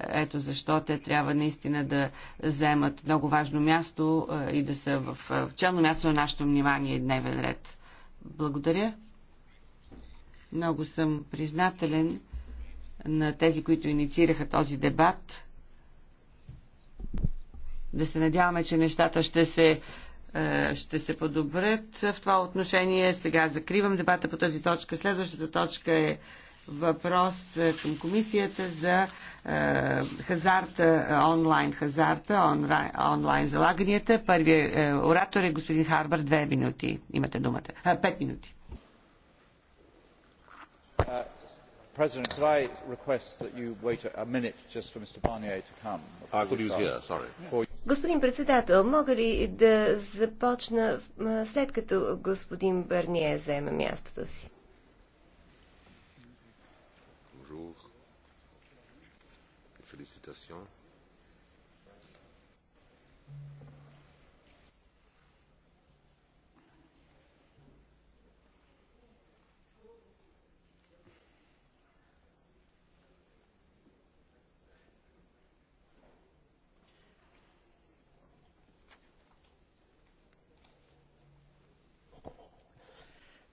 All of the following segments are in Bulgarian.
Ето защо те трябва наистина да вземат много важно място и да са в челно място на нашето внимание и дневен ред. Благодаря. Много съм признателен на тези, които инициираха този дебат. Да се надяваме, че нещата ще се, ще се подобрят в това отношение. Сега закривам дебата по тази точка. Следващата точка е въпрос е, към комисията за е, хазарта, е, онлайн хазарта, онлайн залаганията. Първият оратор е господин Харбър. Две минути. Имате думата. А, пет минути. Uh, President, could I request that you wait a minute just for Mr. Barnier to come? I thought he was here, sorry. Господин председател, мога ли да започна след като господин Барния заема мястото си? Félicitations.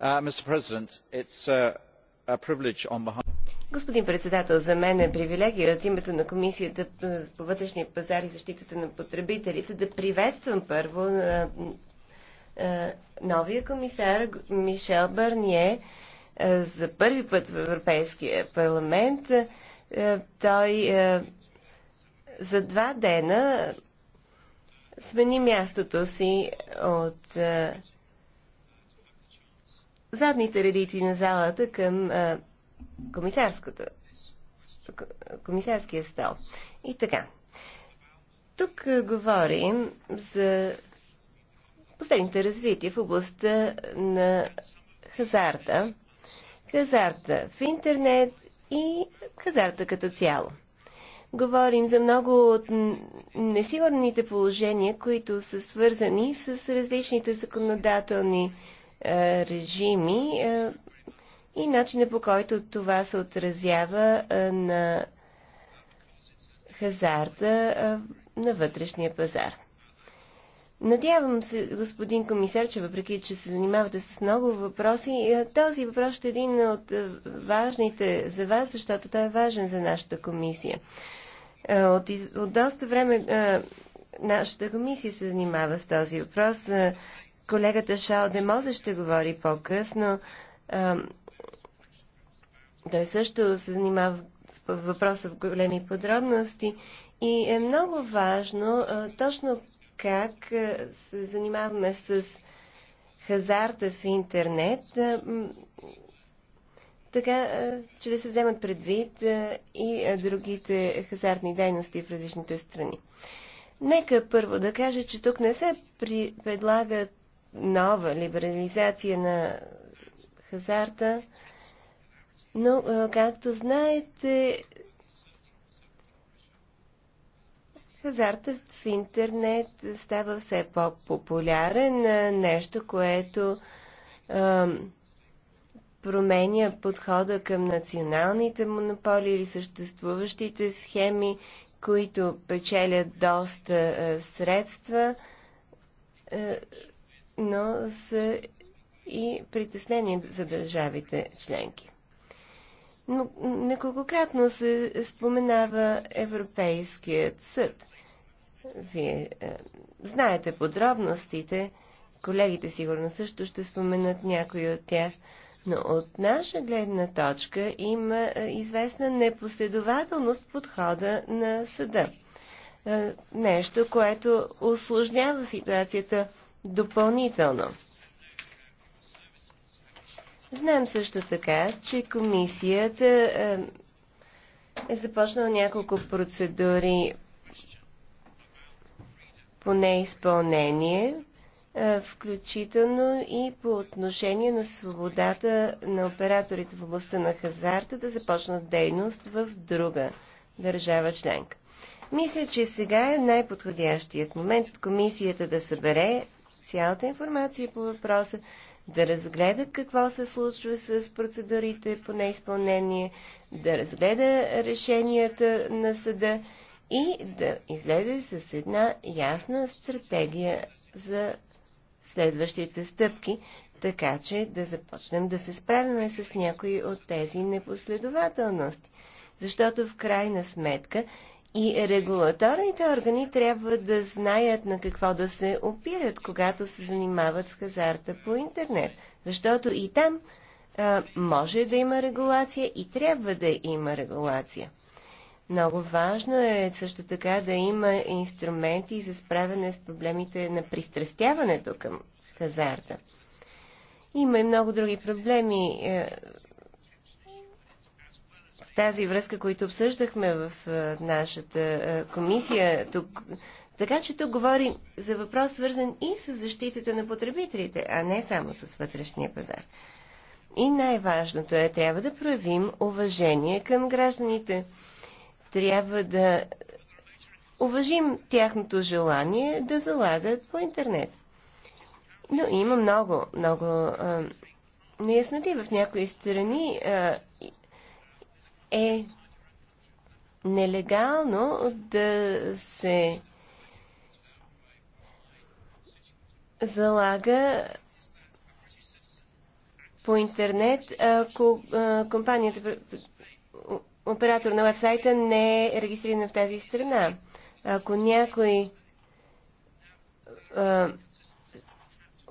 mr president it's is a privilege on behalf Господин председател, за мен е привилегия от името на Комисията по вътрешния пазар и защитата на потребителите да приветствам първо новия комисар Мишел Барние за първи път в Европейския парламент. Той за два дена смени мястото си от задните редици на залата към комисарската, комисарския стол. И така. Тук говорим за последните развития в областта на хазарта, хазарта в интернет и хазарта като цяло. Говорим за много от несигурните положения, които са свързани с различните законодателни режими и начина по който това се отразява на хазарта на вътрешния пазар. Надявам се, господин комисар, че въпреки, че се занимавате с много въпроси, този въпрос ще е един от важните за вас, защото той е важен за нашата комисия. От, от доста време нашата комисия се занимава с този въпрос. Колегата Шао Демозе ще говори по-късно. Той също се занимава с въпроса в големи подробности и е много важно точно как се занимаваме с хазарта в интернет, така че да се вземат предвид и другите хазартни дейности в различните страни. Нека първо да кажа, че тук не се при... предлага нова либерализация на хазарта, но, както знаете, хазартът в интернет става все по-популярен, нещо, което променя подхода към националните монополи или съществуващите схеми, които печелят доста средства, но са и притеснения за държавите членки. Но неколкократно се споменава Европейският съд. Вие е, знаете подробностите, колегите сигурно също ще споменат някои от тях, но от наша гледна точка има е, известна непоследователност подхода на съда. Е, нещо, което осложнява ситуацията допълнително. Знаем също така, че комисията е, е започнала няколко процедури по неизпълнение, е, включително и по отношение на свободата на операторите в областта на хазарта да започнат дейност в друга държава членка. Мисля, че сега е най-подходящият момент комисията да събере цялата информация по въпроса, да разгледа какво се случва с процедурите по неизпълнение, да разгледа решенията на съда и да излезе с една ясна стратегия за следващите стъпки, така че да започнем да се справяме с някои от тези непоследователности. Защото в крайна сметка и регулаторните органи трябва да знаят на какво да се опират, когато се занимават с хазарта по интернет. Защото и там а, може да има регулация и трябва да има регулация. Много важно е също така да има инструменти за справяне с проблемите на пристрастяването към хазарта. Има и много други проблеми, е, тази връзка, които обсъждахме в нашата комисия тук. Така че тук говорим за въпрос, свързан и с защитата на потребителите, а не само с вътрешния пазар. И най-важното е, трябва да проявим уважение към гражданите. Трябва да уважим тяхното желание да залагат по интернет. Но има много, много а, неясноти в някои страни. А, е нелегално да се залага по интернет, ако компанията, оператор на вебсайта не е регистрирана в тази страна. Ако някой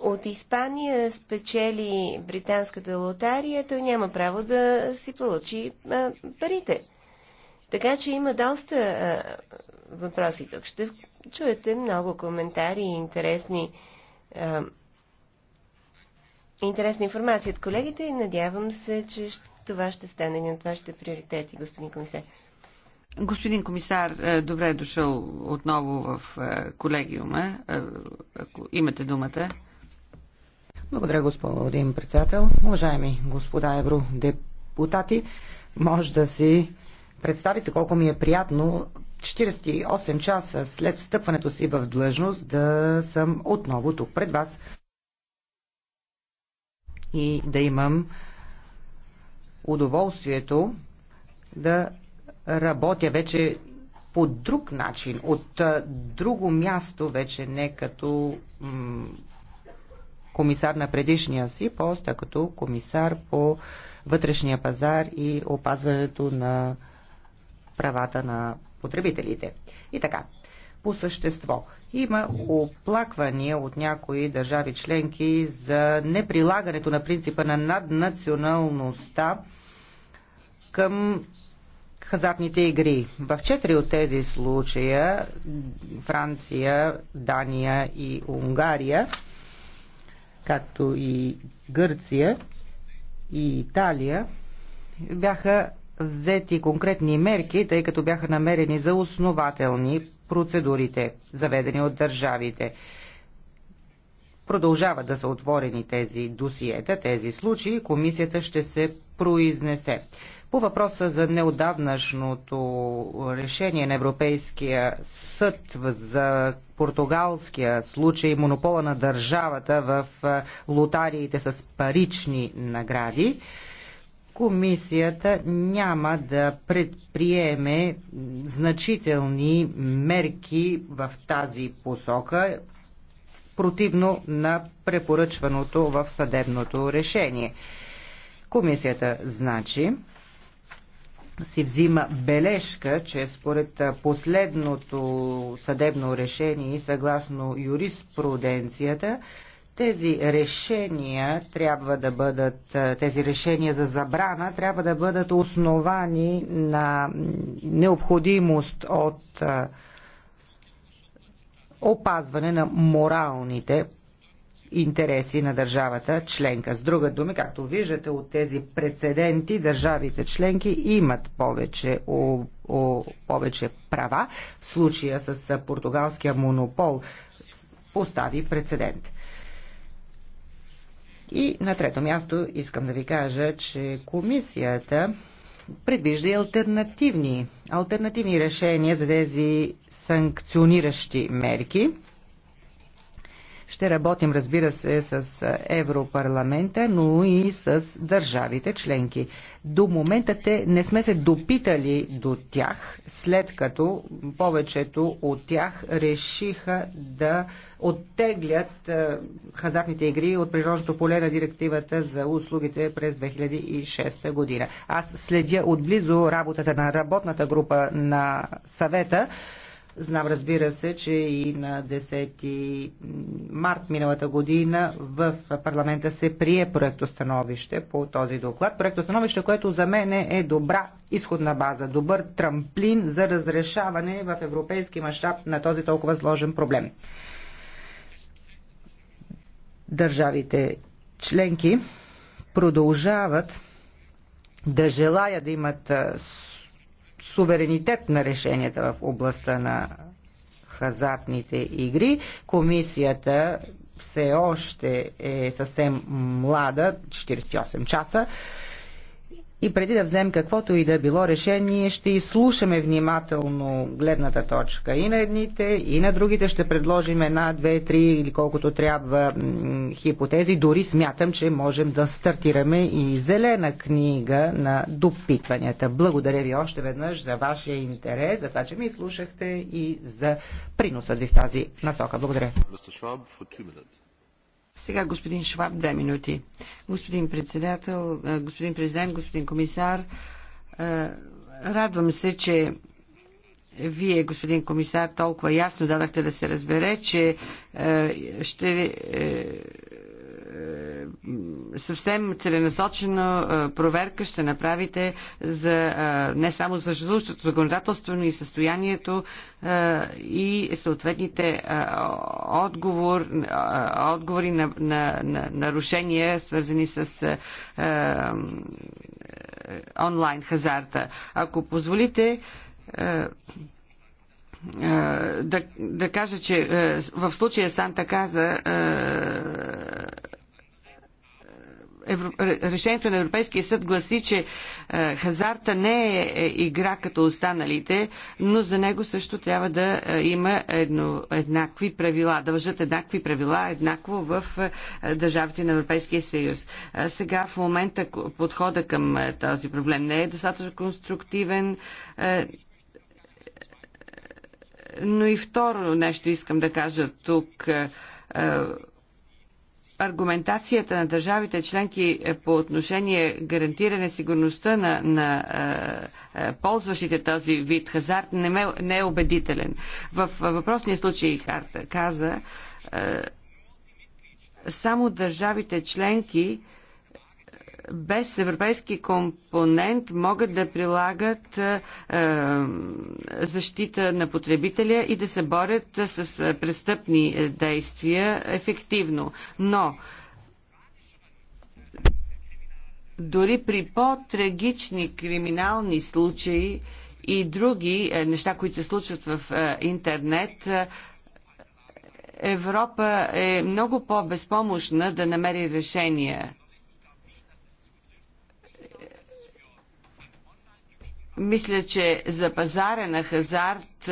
от Испания спечели британската лотария, той няма право да си получи а, парите. Така че има доста а, въпроси тук. Ще чуете много коментари и интересни, а, интересна информация от колегите и надявам се, че това ще стане един от вашите приоритети, господин комисар. Господин комисар, е, добре е дошъл отново в е, колегиума. Е, ако имате думата. Благодаря, господин председател. Уважаеми господа евродепутати, може да си представите колко ми е приятно 48 часа след встъпването си в длъжност да съм отново тук пред вас и да имам удоволствието да работя вече по друг начин, от друго място, вече не като комисар на предишния си пост, а като комисар по вътрешния пазар и опазването на правата на потребителите. И така, по същество. Има оплаквания от някои държави членки за неприлагането на принципа на наднационалността към хазартните игри. В четири от тези случая Франция, Дания и Унгария както и Гърция и Италия, бяха взети конкретни мерки, тъй като бяха намерени за основателни процедурите, заведени от държавите. Продължават да са отворени тези досиета, тези случаи. Комисията ще се произнесе. По въпроса за неодавнашното решение на Европейския съд за португалския случай монопола на държавата в лотариите с парични награди, комисията няма да предприеме значителни мерки в тази посока, противно на препоръчваното в съдебното решение. Комисията, значи, си взима бележка, че според последното съдебно решение и съгласно юриспруденцията, тези решения трябва да бъдат, тези решения за забрана трябва да бъдат основани на необходимост от опазване на моралните интереси на държавата членка. С друга думи, както виждате от тези прецеденти, държавите членки имат повече, о, о, повече права. В случая с португалския монопол постави прецедент. И на трето място искам да ви кажа, че комисията предвижда и альтернативни, альтернативни решения за тези санкциониращи мерки – ще работим, разбира се, с Европарламента, но и с държавите членки. До момента те не сме се допитали до тях, след като повечето от тях решиха да оттеглят е, хазартните игри от приложното поле на директивата за услугите през 2006 година. Аз следя отблизо работата на работната група на съвета Знам, разбира се, че и на 10 март миналата година в парламента се прие проектостановище по този доклад. Проектостановище, което за мен е добра изходна база, добър трамплин за разрешаване в европейски мащаб на този толкова сложен проблем. Държавите членки продължават да желая да имат суверенитет на решенията в областта на хазартните игри. Комисията все още е съвсем млада, 48 часа. И преди да вземем каквото и да било решение, ще изслушаме внимателно гледната точка и на едните, и на другите. Ще предложим една, две, три или колкото трябва хипотези. Дори смятам, че можем да стартираме и зелена книга на допитванията. Благодаря ви още веднъж за вашия интерес, за това, че ми слушахте и за приносът ви в тази насока. Благодаря. Сега господин Шваб, две минути. Господин председател, господин президент, господин комисар, радвам се, че вие, господин комисар, толкова ясно дадахте да се разбере, че ще е, е, съвсем целенасочена е, проверка ще направите за, е, не само за съществуващото законодателство, но и състоянието и съответните отговор, отговори на, на, на нарушения, свързани с онлайн хазарта. Ако позволите, да, да кажа, че в случая Санта Каза Евро... решението на Европейския съд гласи, че е, хазарта не е, е игра като останалите, но за него също трябва да е, има едно, еднакви правила, да въжат еднакви правила, еднакво в е, държавите на Европейския съюз. А сега в момента подхода към е, този проблем не е достатъчно конструктивен. Е, но и второ нещо искам да кажа тук. Е, е аргументацията на държавите членки е по отношение гарантиране сигурността на, на е, е, ползващите този вид хазарт не, ме, не е убедителен. В въпросния случай Харта каза, е, само държавите членки е, без европейски компонент могат да прилагат е, е, защита на потребителя и да се борят е, с е, престъпни действия ефективно. Но дори при по-трагични криминални случаи и други е, неща, които се случват в е, интернет, Европа е много по-безпомощна да намери решения Мисля, че за пазара на хазарт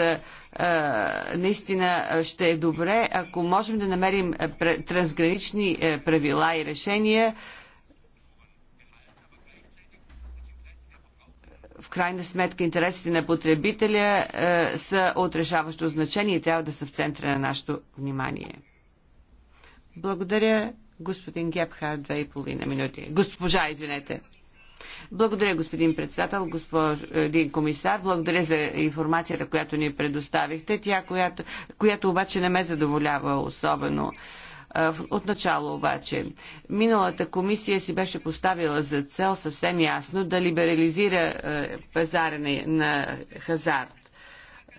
наистина ще е добре, ако можем да намерим трансгранични правила и решения, в крайна сметка интересите на потребителя а, са от решаващо значение и трябва да са в центъра на нашето внимание. Благодаря, господин Гепхар, две и половина минути. Госпожа, извинете. Благодаря, господин председател, господин комисар. Благодаря за информацията, която ни предоставихте, тя, която, която обаче не ме задоволява особено. Отначало обаче, миналата комисия си беше поставила за цел съвсем ясно да либерализира пазара на хазарт.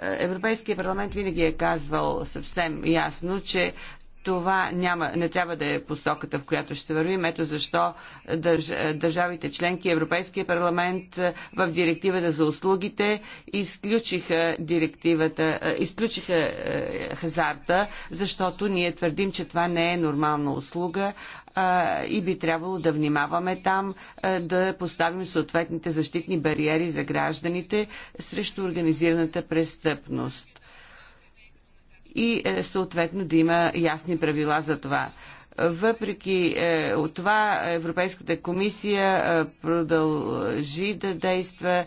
Европейския парламент винаги е казвал съвсем ясно, че това няма, не трябва да е посоката, в която ще вървим. Ето защо държ, държавите членки, Европейския парламент е, в директивата за услугите изключиха, директивата, е, изключиха е, хазарта, защото ние твърдим, че това не е нормална услуга и би трябвало да внимаваме там, да поставим съответните защитни бариери за гражданите срещу организираната престъпност и е, съответно да има ясни правила за това. Въпреки е, от това Европейската комисия е, продължи да действа.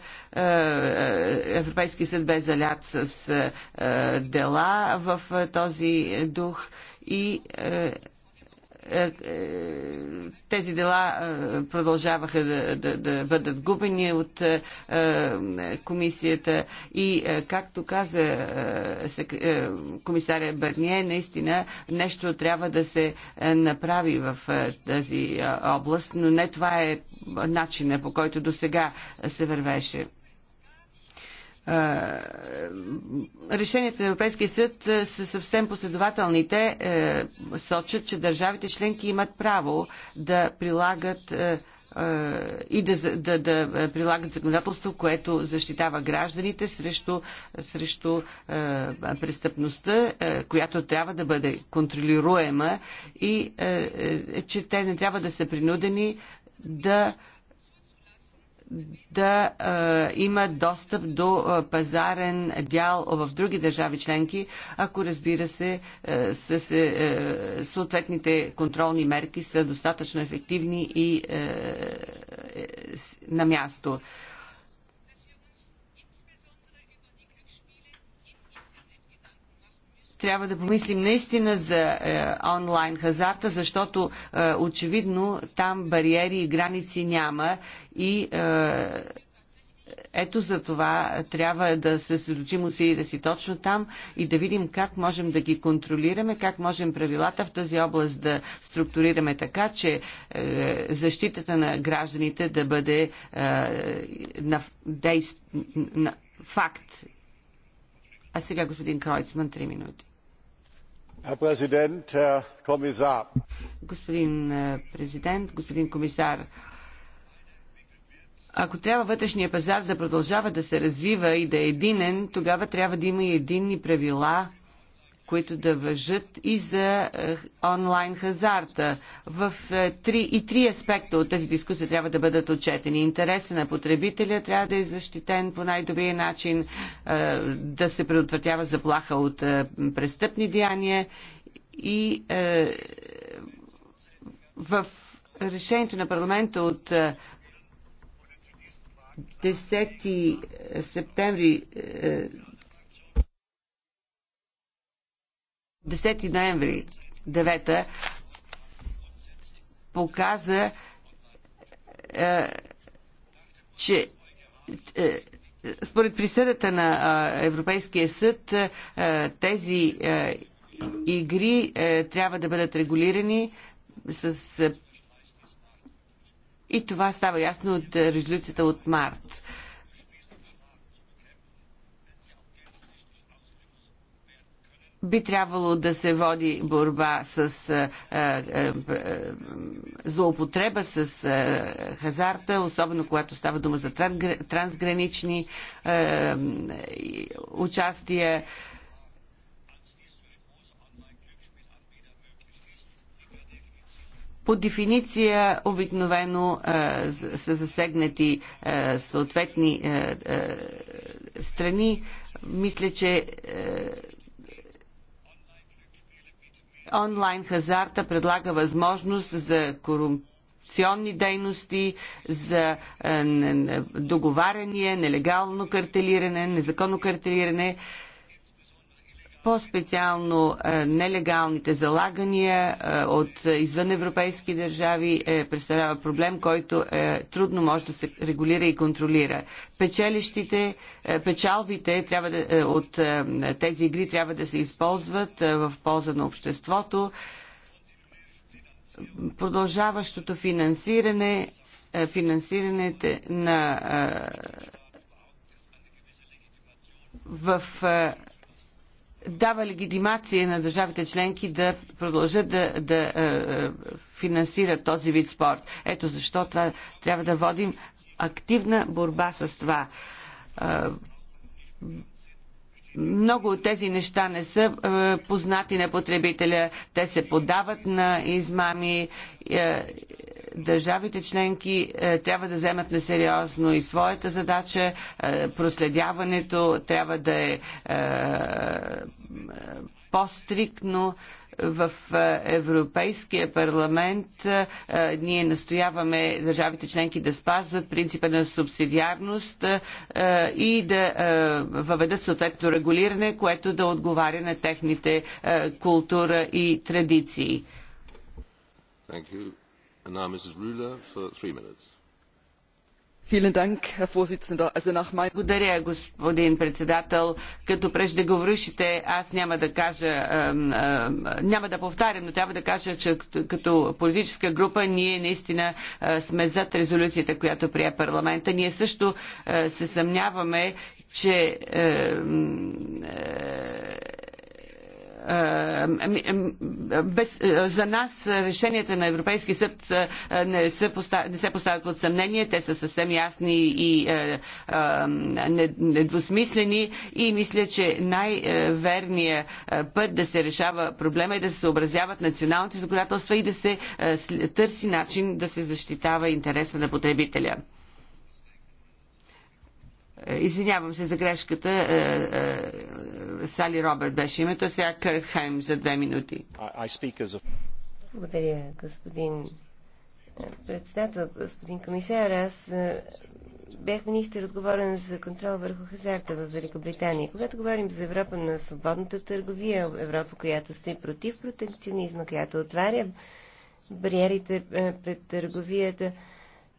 Европейски съд бе залят с дела в този дух и е, е, тези дела е, продължаваха да, да, да бъдат губени от комисията и, както каза комисаря Бърние, наистина нещо трябва да се направи в тази област, но не това е начина по който до сега се вървеше решенията на Европейския съд са съвсем последователни. Те е, сочат, че държавите членки имат право да прилагат е, е, и да, да, да прилагат законодателство, което защитава гражданите срещу, срещу е, престъпността, е, която трябва да бъде контролируема и е, е, че те не трябва да са принудени да е, да е, има достъп до е, пазарен дял в други държави членки, ако разбира се, е, с, е, съответните контролни мерки са достатъчно ефективни и е, е, на място. Трябва да помислим наистина за е, онлайн хазарта, защото е, очевидно там бариери и граници няма и е, ето за това трябва да се съсредоточим усилията да си точно там и да видим как можем да ги контролираме, как можем правилата в тази област да структурираме така, че е, защитата на гражданите да бъде е, на, дейст, на факт. А сега господин Кройцман, 3 минути. Господин präsident е, господин комисар, ако трябва вътрешния пазар да продължава да се развива и да е единен, тогава трябва да има и единни правила които да въжат и за е, онлайн хазарта. В е, три, и три аспекта от тази дискусия трябва да бъдат отчетени. Интереса на потребителя трябва да е защитен по най-добрия начин, е, да се предотвратява заплаха от престъпни деяния и в решението на парламента от 10 септември 10 ноември 9 показа, е, че е, според присъдата на е, Европейския съд е, тези е, игри е, трябва да бъдат регулирани с. Е, и това става ясно от резолюцията от март. би трябвало да се води борба с а, е, а, е, е, злоупотреба с а, хазарта, особено когато става дума за трансгранични а, участия. По дефиниция обикновено а, са засегнати а, съответни а, а, страни. Мисля, че а, онлайн хазарта предлага възможност за корупционни дейности, за е, договаряния, нелегално картелиране, незаконно картелиране по-специално е, нелегалните залагания е, от извъневропейски държави е, представлява проблем, който трудно може да се регулира и контролира. Печелищите, печалбите трябва да, от тези игри трябва да се използват в полза на обществото. Продължаващото финансиране, финансирането на в дава легитимация на държавите членки да продължат да, да е, е, финансират този вид спорт. Ето защо това трябва да водим активна борба с това. Е, много от тези неща не са е, познати на потребителя, те се подават на измами. Е, държавите членки е, трябва да вземат на сериозно и своята задача. Е, проследяването трябва да е, е по-стриктно в Европейския парламент ние настояваме държавите членки да спазват принципа на субсидиарност и да въведат съответно регулиране, което да отговаря на техните култура и традиции. Thank you. Благодаря, господин председател. Като преждеговорившите, аз няма да кажа, няма да повтарям, но трябва да кажа, че като политическа група ние наистина сме зад резолюцията, която прие парламента. Ние също се съмняваме, че е, ами, без, е, за нас решенията на Европейски съд е, не, са поставят, не се поставят под съмнение, те са съвсем ясни и недвусмислени и мисля, че най-верният път да се решава проблема е да се съобразяват националните законодателства и да се търси начин да се защитава интереса на потребителя. Извинявам се за грешката. Сали Робърт беше името, сега Кърт Хайм за две минути. Благодаря, господин е, председател, господин комисар. Аз е, бях министър отговорен за контрол върху хазарта в Великобритания. Когато говорим за Европа на свободната търговия, Европа, която стои против протекционизма, която отваря бариерите е, пред търговията,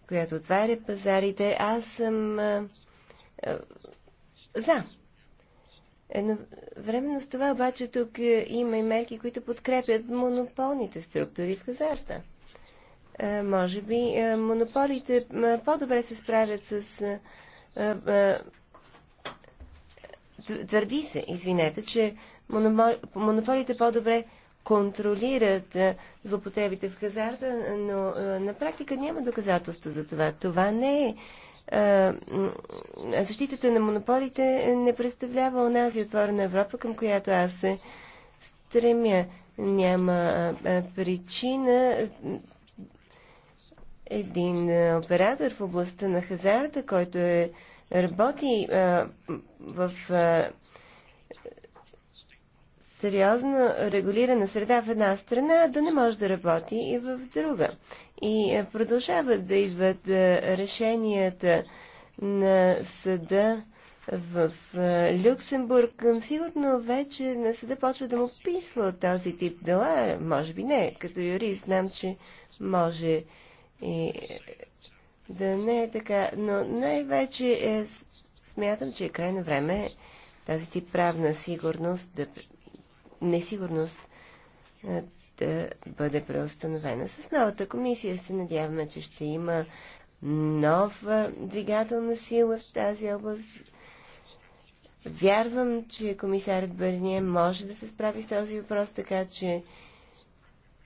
която отваря пазарите, аз съм за Едновременно с това обаче тук е, има и мерки, които подкрепят монополните структури в хазарта. Е, може би е, монополите по-добре се справят с твърди се, извинете, че монополите по-добре контролират злопотребите в хазарта, но на практика няма доказателства за това. Това не е защитата на монополите не представлява онази отворена Европа, към която аз се стремя. Няма причина един оператор в областта на хазарта, който е, работи а, в а, сериозно регулирана среда в една страна да не може да работи и в друга. И е, продължават да идват е, решенията на съда в е, Люксембург. Сигурно вече на съда почва да му писва от този тип дела. Може би не. Като юрист знам, че може и да не е така. Но най-вече е, смятам, че е крайно време тази тип правна сигурност да несигурност да бъде преустановена. С новата комисия се надяваме, че ще има нова двигателна сила в тази област. Вярвам, че комисарят Бърния може да се справи с този въпрос, така че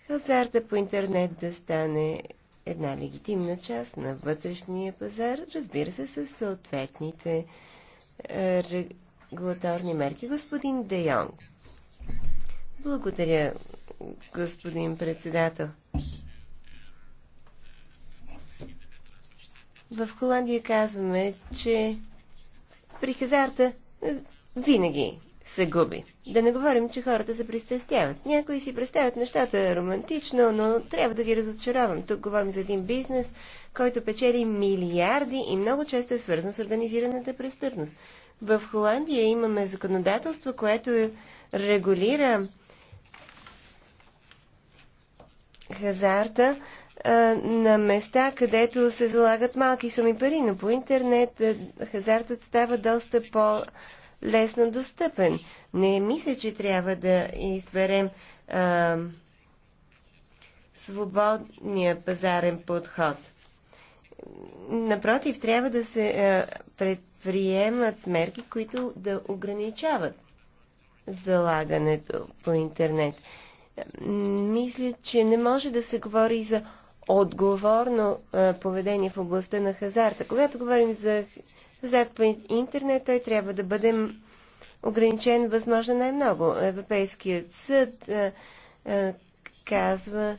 хазарта по интернет да стане една легитимна част на вътрешния пазар, разбира се, с съответните регулаторни мерки. Господин Де Йонг. Благодаря, господин председател. В Холандия казваме, че при хазарта е, винаги се губи. Да не говорим, че хората се пристрастяват. Някои си представят нещата романтично, но трябва да ги разочаровам. Тук говорим за един бизнес, който печели милиарди и много често е свързан с организираната престъпност. В Холандия имаме законодателство, което регулира хазарта на места, където се залагат малки суми пари, но по интернет хазартът става доста по-лесно достъпен. Не мисля, че трябва да изберем а, свободния пазарен подход. Напротив, трябва да се а, предприемат мерки, които да ограничават залагането по интернет мисля, че не може да се говори за отговорно поведение в областта на хазарта. Когато говорим за хазарт по интернет, той трябва да бъде ограничен възможно най-много. Европейският съд казва,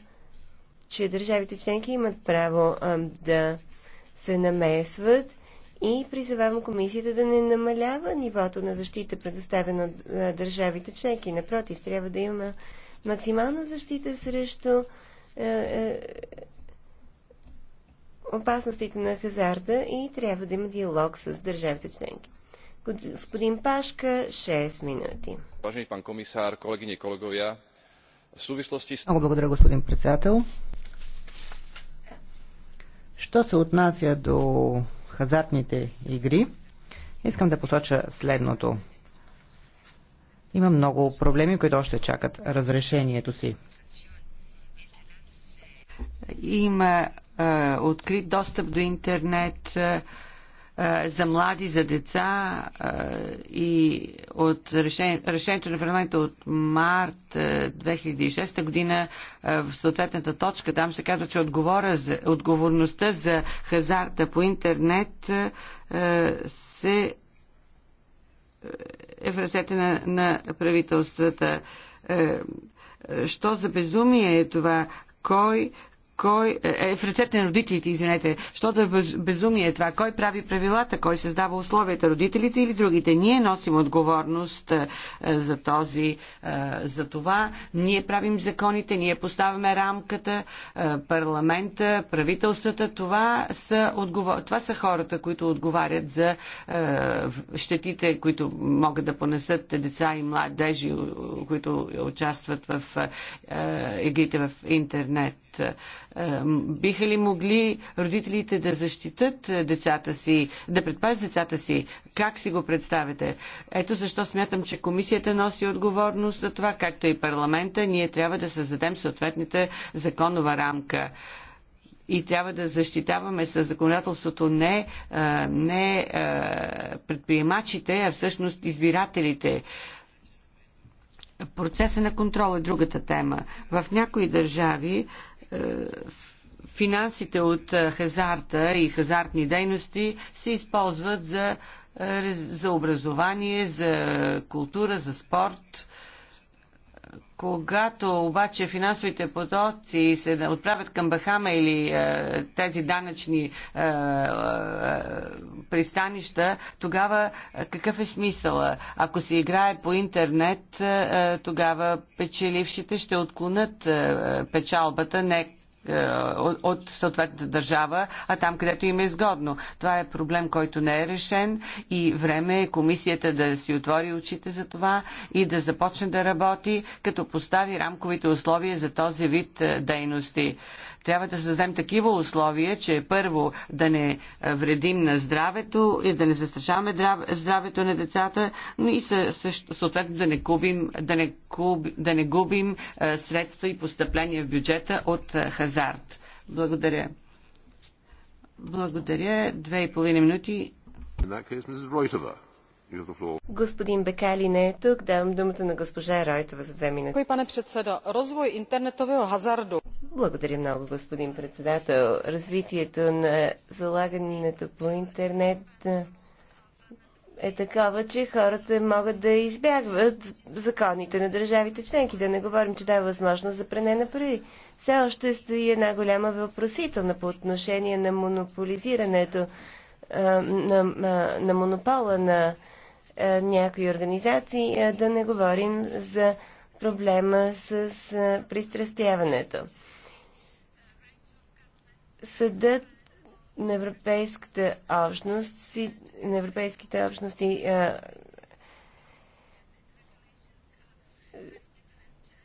че държавите членки имат право да се намесват и призовавам комисията да не намалява нивото на защита, предоставено от държавите членки. Напротив, трябва да има максимална защита срещу е, е, опасностите на хазарта и трябва да има диалог с държавите членки. Господин Пашка, 6 минути. Уважаеми пан комисар, колеги и колеговия, в сувислости... Много благодаря, господин председател. Що се отнася до хазартните игри, искам да посоча следното. Има много проблеми, които още чакат разрешението си. Има е, открит достъп до интернет е, за млади, за деца е, и от решение, решението на парламента от март 2006 година е, в съответната точка, там се казва, че отговора за, отговорността за хазарта по интернет е, се е в ръцете на, на правителствата. Е, е, що за безумие е това? Кой, кой е, е в ръцете на родителите, извинете, защото е безумие е това. Кой прави правилата, кой създава условията, родителите или другите. Ние носим отговорност е, за този, за това. Ние правим законите, ние поставяме рамката, парламента, правителствата. Това са, отговор... това са хората, които отговарят за щетите, които могат да понесат деца и младежи, които участват в игрите в интернет Биха ли могли родителите да защитат е, децата си, да предпазят децата си? Как си го представите? Ето защо смятам, че комисията носи отговорност за това, както и парламента. Ние трябва да създадем съответната законова рамка и трябва да защитаваме с законодателството не, е, не е, предприемачите, а всъщност избирателите. Процеса на контрол е другата тема. В някои държави е, финансите от е, хазарта и хазартни дейности се използват за, е, за образование, за култура, за спорт когато обаче финансовите потоци се отправят към Бахама или е, тези данъчни е, е, пристанища, тогава е, какъв е смисъла? Ако се играе по интернет, е, е тогава печелившите ще отклонат е, е, печалбата не е, от, съответната държава, а там, където им е изгодно. Това е проблем, който не е решен и време е комисията да си отвори очите за това и да започне да работи, като постави рамковите условия за този вид е, дейности. Трябва да създадем такива условия, че първо да не вредим на здравето и да не застрашаваме здравето на децата, но и съответно да не губим, да не губим, да не губим средства и постъпления в бюджета от хазарт. Благодаря. Благодаря. Две и половина минути. In that case, Mrs. Господин Бекали не е тук. Давам думата на госпожа Ройтова за две минути. пане председо. Развой интернетовия Благодаря много, господин председател. Развитието на залагането по интернет е такова, че хората могат да избягват законите на държавите членки. Да не говорим, че дава възможност за пране на пари. Все още стои една голяма въпросителна по отношение на монополизирането, на, на, на монопола на е, някои организации, е, да не говорим за проблема с е, пристрастяването. Съдът на Европейската общност, на европейските общности а,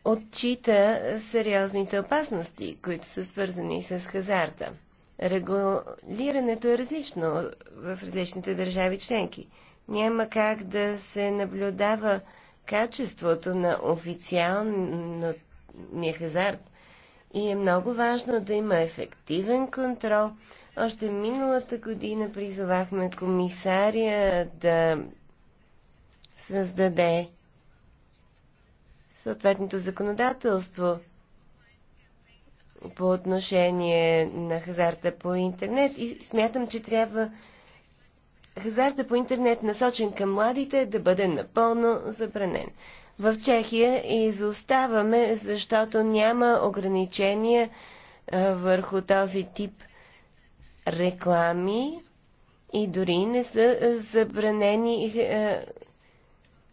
отчита сериозните опасности, които са свързани с хазарта. Регулирането е различно в различните държави членки няма как да се наблюдава качеството на официалния хазарт. И е много важно да има ефективен контрол. Още миналата година призовахме комисария да създаде съответното законодателство по отношение на хазарта по интернет и смятам, че трябва хазарта по интернет, насочен към младите, да бъде напълно забранен. В Чехия изоставаме, защото няма ограничения върху този тип реклами и дори не са забранени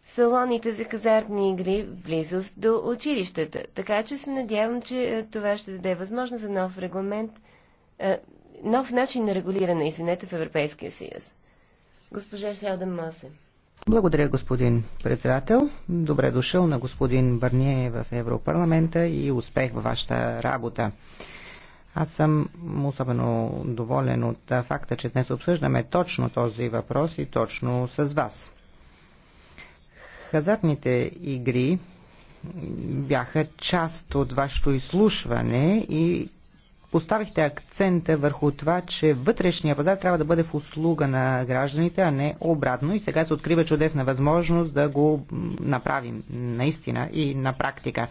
салоните за хазартни игри в близост до училищата. Така че се надявам, че това ще даде възможност за нов регламент, нов начин на регулиране, извинете, в Европейския съюз. Госпожа Шелден Масе. Благодаря, господин председател. Добре дошъл на господин Барние в Европарламента и успех във вашата работа. Аз съм особено доволен от факта, че днес обсъждаме точно този въпрос и точно с вас. Хазартните игри бяха част от вашето изслушване и Поставихте акцента върху това, че вътрешния пазар трябва да бъде в услуга на гражданите, а не обратно. И сега се открива чудесна възможност да го направим наистина и на практика.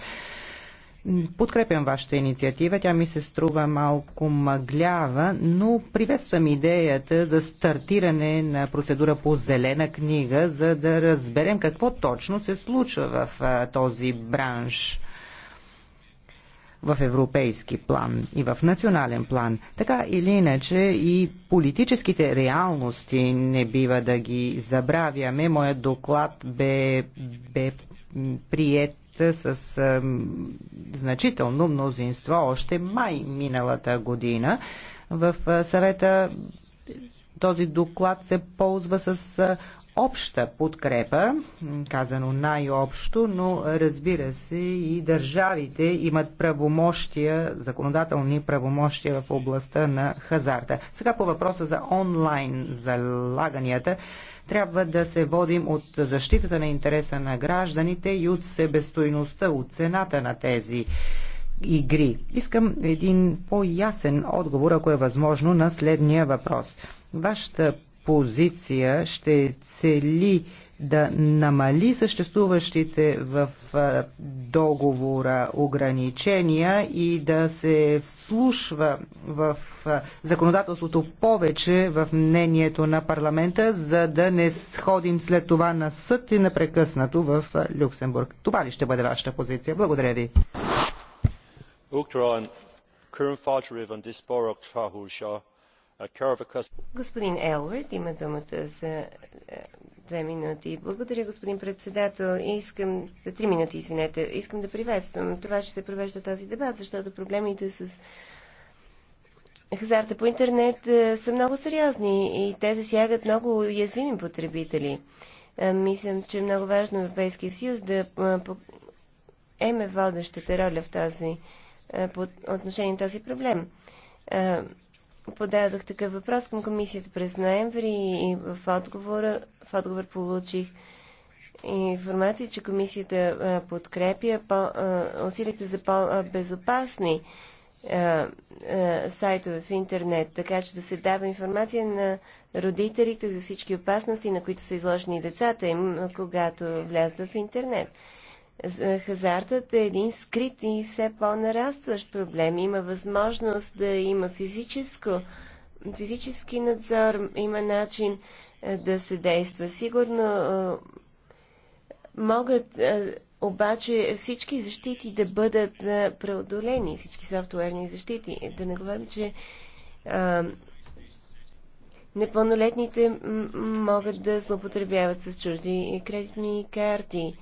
Подкрепям вашата инициатива, тя ми се струва малко мъглява, но приветствам идеята за стартиране на процедура по зелена книга, за да разберем какво точно се случва в този бранш в европейски план и в национален план. Така или иначе и политическите реалности не бива да ги забравяме. Моят доклад бе, бе прият с значително мнозинство още май миналата година. В съвета този доклад се ползва с обща подкрепа, казано най-общо, но разбира се и държавите имат правомощия, законодателни правомощия в областта на хазарта. Сега по въпроса за онлайн залаганията, трябва да се водим от защитата на интереса на гражданите и от себестойността, от цената на тези игри. Искам един по-ясен отговор, ако е възможно, на следния въпрос. Вашата позиция ще цели да намали съществуващите в договора ограничения и да се вслушва в законодателството повече в мнението на парламента, за да не сходим след това на съд и непрекъснато в Люксембург. Това ли ще бъде вашата позиция? Благодаря ви. Господин Елвард има думата за е, две минути. Благодаря, господин председател. Искам, е, три минути, извинете. Искам да приветствам това, че се провежда този дебат, защото проблемите с хазарта по интернет е, са много сериозни и те засягат много уязвими потребители. Мислям, че е много важно Европейския съюз да еме водещата роля в този, по отношение на този проблем подадох такъв въпрос към комисията през ноември и в, отговора, в отговор получих информация, че комисията подкрепя по, усилите за по-безопасни сайтове в интернет, така че да се дава информация на родителите за всички опасности, на които са изложени децата им, когато влязат в интернет. Е, хазартът е един скрит и все по-нарастващ проблем. Има възможност да има физическо, физически надзор, има начин е, да се действа. Сигурно е, могат обаче всички защити да бъдат преодолени, всички софтуерни защити. Да не говорим, че непълнолетните могат да злоупотребяват с чужди кредитни карти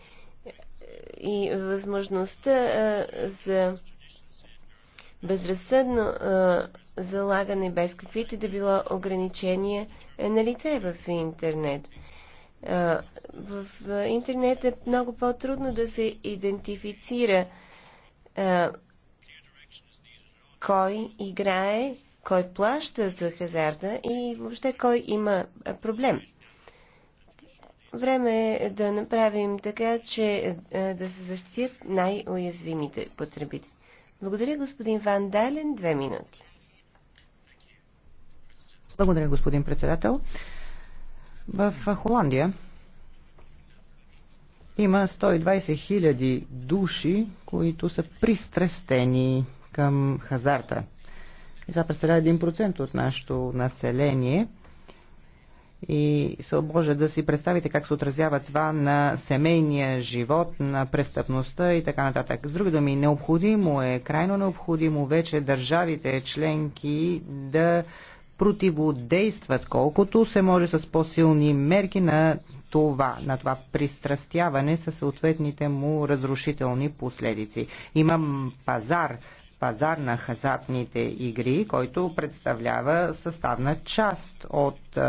и възможността за безразсъдно залагане без каквито да било ограничения е на лице в интернет. В интернет е много по-трудно да се идентифицира кой играе, кой плаща за хазарта и въобще кой има проблем. Време е да направим така, че е, да се защитят най-уязвимите потребители. Благодаря, господин Ван Дален. Две минути. Благодаря, господин председател. В Холандия има 120 хиляди души, които са пристрастени към хазарта. И това представлява 1% от нашето население и може да си представите как се отразява това на семейния живот, на престъпността и така нататък. С други думи, необходимо е, крайно необходимо вече държавите членки да противодействат колкото се може с по-силни мерки на това, на това пристрастяване със съответните му разрушителни последици. Имам пазар пазар на хазартните игри, който представлява съставна част от е,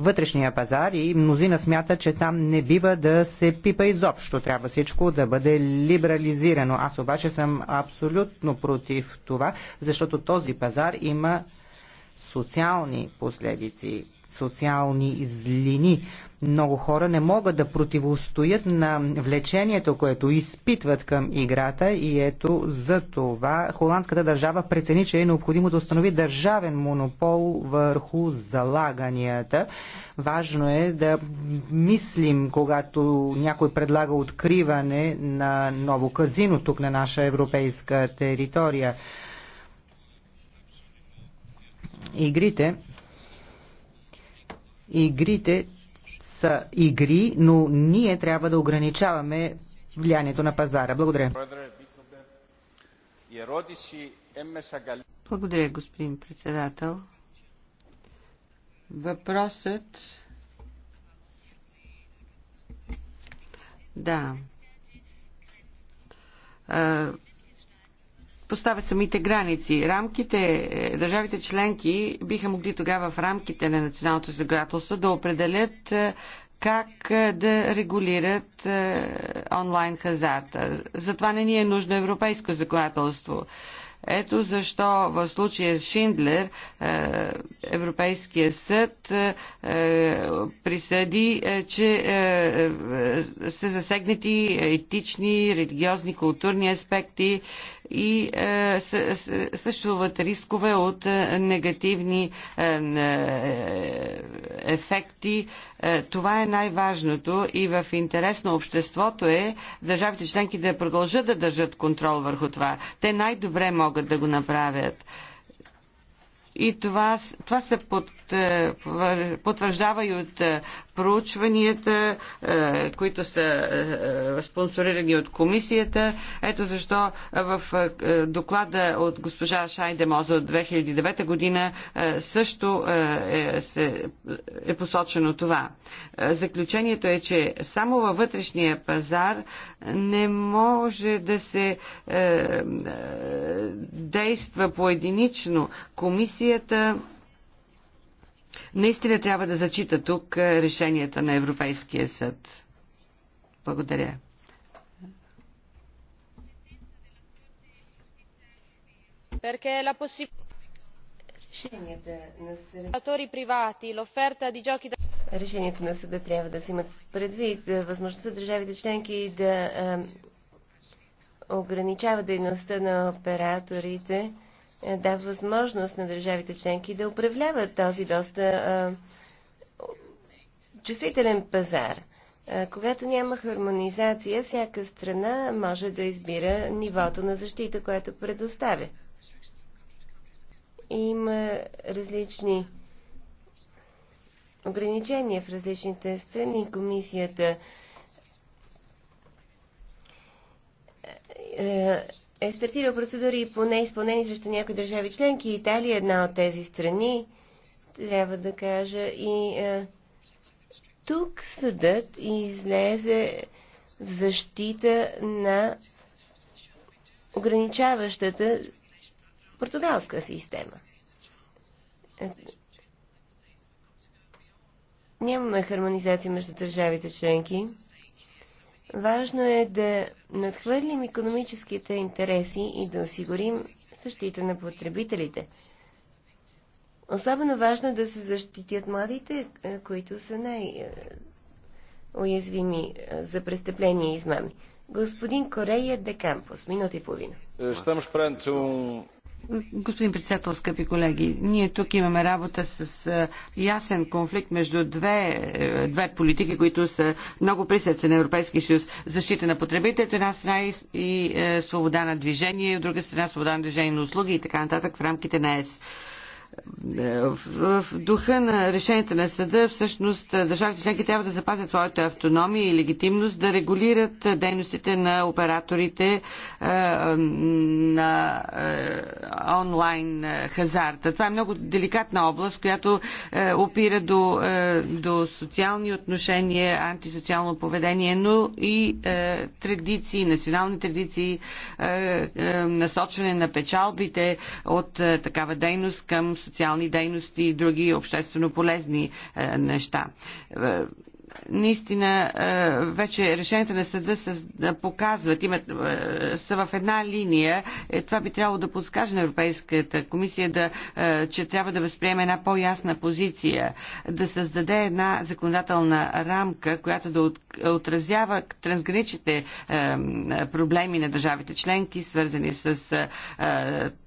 вътрешния пазар и мнозина смята, че там не бива да се пипа изобщо. Трябва всичко да бъде либерализирано. Аз обаче съм абсолютно против това, защото този пазар има социални последици, социални злини. Много хора не могат да противостоят на влечението, което изпитват към играта и ето за това холандската държава прецени, че е необходимо да установи държавен монопол върху залаганията. Важно е да мислим, когато някой предлага откриване на ново казино тук на наша европейска територия. Игрите игрите са игри, но ние трябва да ограничаваме влиянието на пазара. Благодаря. Благодаря, господин председател. Въпросът. Да поставя самите граници. Рамките, е, държавите членки биха могли тогава в рамките на националното законодателство да определят е, как е, да регулират онлайн хазарта. Затова не ни е нужно европейско законодателство. Ето защо в случая с Шиндлер Европейския съд присъди, че са засегнати етични, религиозни, културни аспекти и е, съществуват рискове от е, негативни е, ефекти. Това е най-важното и в интерес на обществото е държавите членки да продължат да държат контрол върху това. Те най-добре могат да го направят. И това, това се под, потвърждава и от проучванията, е, които са е, спонсорирани от комисията. Ето защо в е, доклада от госпожа Шайде Моза от 2009 година също е, посочено това. Заключението е, че само във вътрешния пазар не може да се действа по единично. Комисията наистина трябва да зачита тук е, решенията на Европейския съд. Благодаря. Е Решението на съда трябва да се имат предвид е, възможността държавите членки да ограничават дейността на операторите е, дава възможност на държавите членки да управляват този доста чувствителен пазар. когато няма хармонизация, всяка страна може да избира нивото на защита, което предоставя. Има различни ограничения в различните страни. Комисията е, е стартирал процедури по неизпълнение срещу някои държави членки. Италия е една от тези страни, трябва да кажа. И а, е, тук съдът излезе в защита на ограничаващата португалска система. Е, нямаме хармонизация между държавите членки. Важно е да надхвърлим економическите интереси и да осигурим защита на потребителите. Особено важно е да се защитят младите, е, които са най-уязвими е, за престъпления и измами. Господин Корея де Кампус, минута и половина. Estamos perante um, Господин председател, скъпи колеги, ние тук имаме работа с е, ясен конфликт между две, е, две политики, които са много присъци на Европейския съюз. Защита на потребителите, една страна и, и е, свобода на движение, от друга страна свобода на движение на услуги и така нататък в рамките на ЕС в духа на решенията на съда, всъщност държавите членки трябва да запазят своята автономия и легитимност да регулират дейностите на операторите на онлайн хазарта. Това е много деликатна област, която опира до, до социални отношения, антисоциално поведение, но и традиции, национални традиции, насочване на печалбите от такава дейност към социални дейности и други обществено полезни е, неща. Е, наистина е, вече решенията на съда са, показват, имат, е, са в една линия. Е, това би трябвало да подскаже на Европейската комисия, да, че трябва да възприеме една по-ясна позиция, да създаде една законодателна рамка, която да от отразява трансграничните проблеми на държавите членки, свързани с е,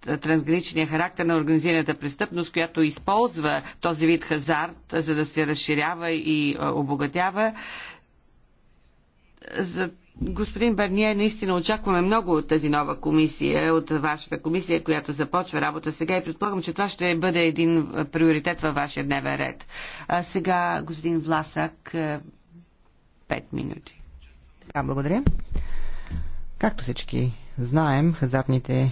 е, трансграничния характер на организираната престъпност, която използва този вид хазарт, за да се разширява и е, обогатява. За Господин Барние, наистина очакваме много от тази нова комисия, от вашата комисия, която започва работа сега и предполагам, че това ще бъде един приоритет във вашия дневен ред. А сега господин Власак, 5 минути. Да, благодаря. Както всички знаем, хазартните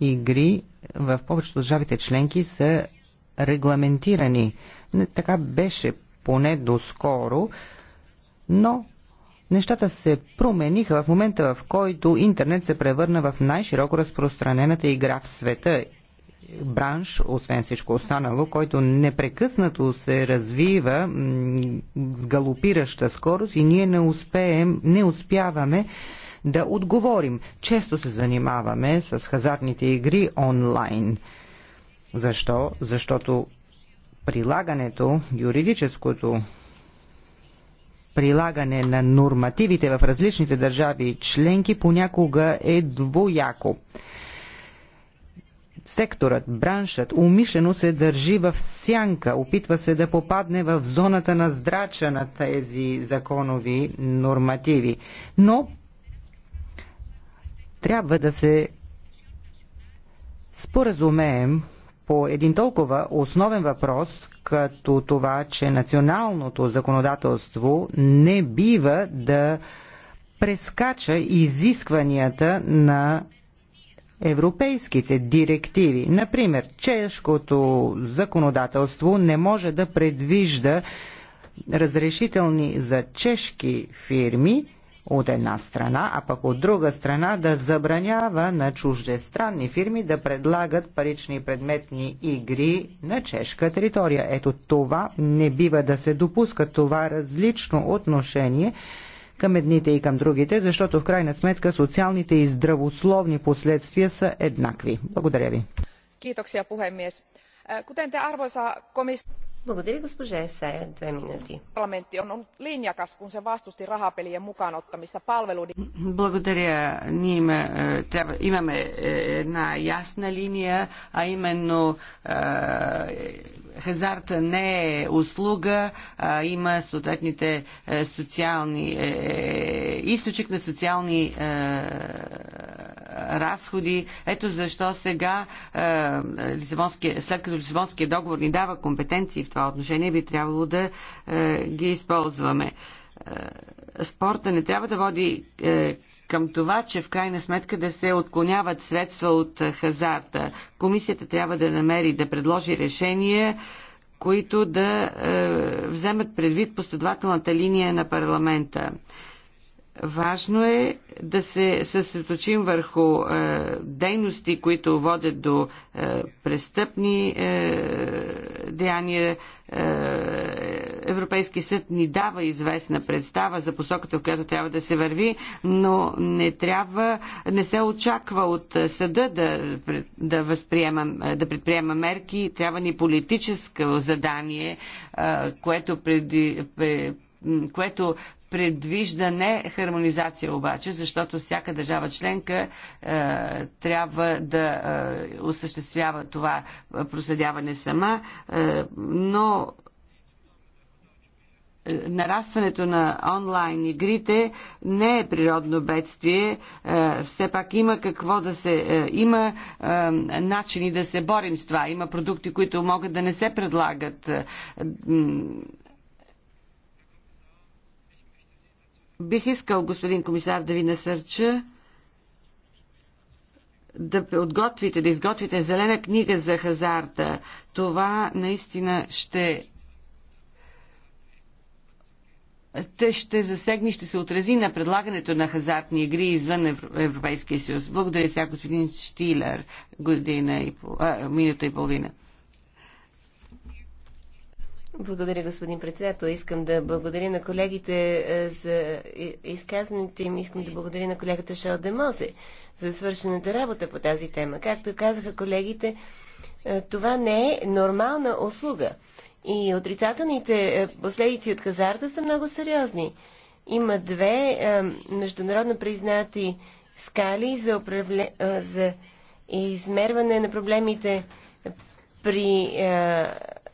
игри в повечето държавите членки са регламентирани. Така беше поне доскоро, но нещата се промениха в момента, в който интернет се превърна в най-широко разпространената игра в света бранш, освен всичко останало, който непрекъснато се развива с галопираща скорост и ние не успеем, не успяваме да отговорим. Често се занимаваме с хазартните игри онлайн. Защо? Защото прилагането, юридическото прилагане на нормативите в различните държави членки понякога е двояко секторът, браншът умишлено се държи в сянка, опитва се да попадне в зоната на здрача на тези законови нормативи. Но трябва да се споразумеем по един толкова основен въпрос, като това, че националното законодателство не бива да прескача изискванията на европейските директиви. Например, чешкото законодателство не може да предвижда разрешителни за чешки фирми от една страна, а пък от друга страна да забранява на чуждестранни фирми да предлагат парични предметни игри на чешка територия. Ето това не бива да се допуска. Това различно отношение към едните и към другите, защото в крайна сметка социалните и здравословни последствия са еднакви. Благодаря ви. Kiitoksia puhemies. Kuten te arvoisa komissio... Благодаря, госпожа Есая. Две минути. Парламенти on linjakas, kun se vastusti rahapelien mukaan ottamista palveluiden. Благодаря. Ние има, е, трябва, имаме е, една ясна линия, а именно е, хазарта не е услуга, а има съответните социални, източник на социални разходи. Ето защо сега, е, след като Лисабонския договор ни дава компетенции в това отношение, би трябвало да е, ги използваме. Е, спорта не трябва да води към това, че в крайна сметка да се отклоняват средства от хазарта. Комисията трябва да намери, да предложи решение, които да е, вземат предвид последователната линия на парламента. Важно е да се съсредоточим върху е, дейности, които водят до е, престъпни е, деяния. Е, Европейски съд ни дава известна представа за посоката, в която трябва да се върви, но не трябва, не се очаква от съда да, да, възприема, да предприема мерки. Трябва ни политическо задание, е, което преди, пред, което предвижда не хармонизация обаче, защото всяка държава членка е, трябва да е, осъществява това проследяване сама, е, но е, нарастването на онлайн игрите не е природно бедствие. Е, все пак има какво да се... Е, има начини да се борим с това. Има продукти, които могат да не се предлагат. Бих искал, господин комисар, да ви насърча да подготвите, да изготвите зелена книга за хазарта. Това наистина ще те ще засегне, ще се отрази на предлагането на хазартни игри извън Европейския съюз. Благодаря сега, господин Штилер, година и пол, а, минута и половина. Благодаря, господин председател. Искам да благодаря на колегите е, за изказването им. Искам да благодаря на колегата Шел Демозе за свършената работа по тази тема. Както казаха колегите, е, това не е нормална услуга. И отрицателните е, последици от хазарта са много сериозни. Има две международно признати скали за, управле... за измерване на проблемите при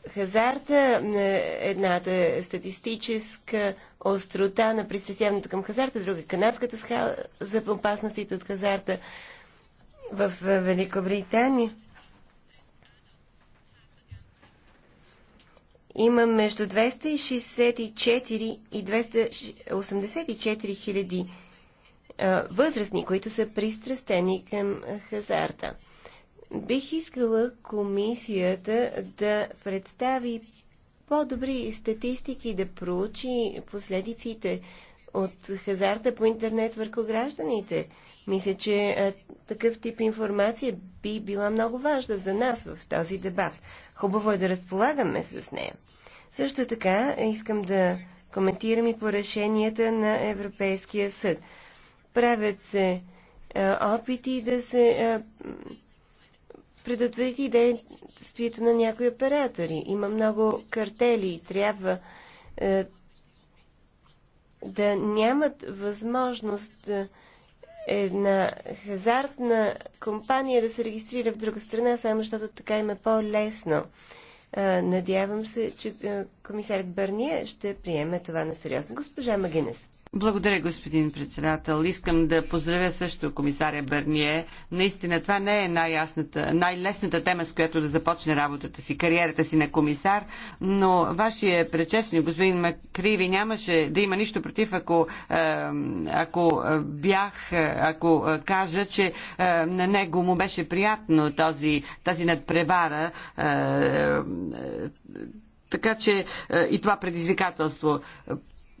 хазарта. Е, едната е статистическа острота на пристрастяването към хазарта, друга е канадската схала за опасностите от хазарта в Великобритания. Има между 264 и 284 хиляди е, възрастни, които са пристрастени към хазарта. Бих искала комисията да представи по-добри статистики, да проучи последиците от хазарта по интернет върху гражданите. Мисля, че а, такъв тип информация би била много важна за нас в този дебат. Хубаво е да разполагаме с нея. Също така искам да коментирам и по решенията на Европейския съд. Правят се а, опити да се а, предотврати действието на някои оператори. Има много картели и трябва е, да нямат възможност е, една хазартна компания да се регистрира в друга страна, само защото така им е по-лесно. Е, надявам се, че е, комисарят Бърния ще приеме това на сериозно. Госпожа Магинес. Благодаря, господин председател. Искам да поздравя също комисаря Бърние. Наистина това не е най-ясната, най-лесната тема, с която да започне работата си, кариерата си на комисар, но вашия предшественик, господин Макриви, нямаше да има нищо против, ако, ако бях, ако кажа, че на него му беше приятно този, тази надпревара така че е, и това предизвикателство.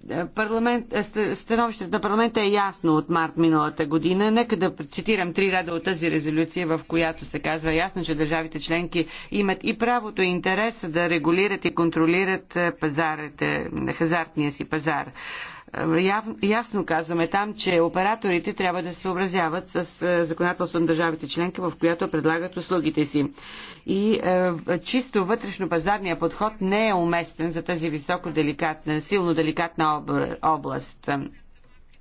Е, парламент, е, становището на парламента е ясно от март миналата година. Нека да цитирам три реда от тази резолюция, в която се казва ясно, че държавите членки имат и правото и интереса да регулират и контролират пазарите, хазартния си пазар ясно казваме там, че операторите трябва да се съобразяват с е, законодателство на държавите членка, в която предлагат услугите си. И е, чисто вътрешно-пазарния подход не е уместен за тази високо деликатна, силно деликатна област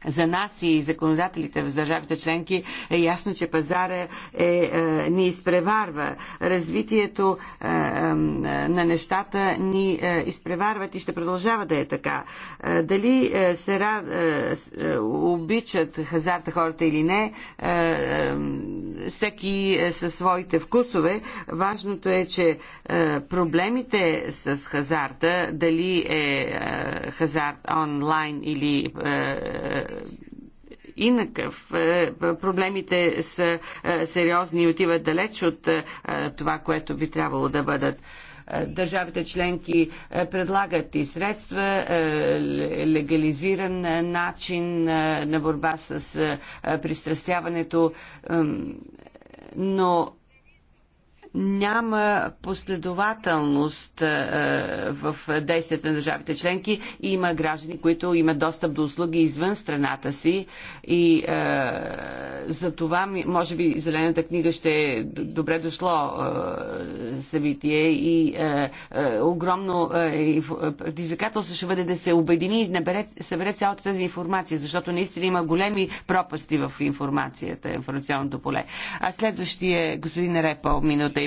за нас и законодателите в държавите членки е ясно, че пазара е, е, ни изпреварва. Развитието е, е, на нещата ни е, изпреварват и ще продължава да е така. Е, дали е, се рад, е, е, обичат хазарта хората или не, е, е, всеки е със своите вкусове. Важното е, че е, проблемите с хазарта, дали е, е хазарт онлайн или е, е, инакъв. Е, проблемите са е, сериозни и отиват далеч от това, което би трябвало да бъдат държавите членки предлагат и средства, легализиран начин на борба с пристрастяването, но няма последователност е, в действията на държавите членки и има граждани, които имат достъп до услуги извън страната си и е, за това може би Зелената книга ще е добре дошло е, събитие и огромно предизвикателство ще бъде да се обедини и събере цялата тази информация, защото наистина има големи пропасти в информацията, информационното поле. А следващия господин Репо, минута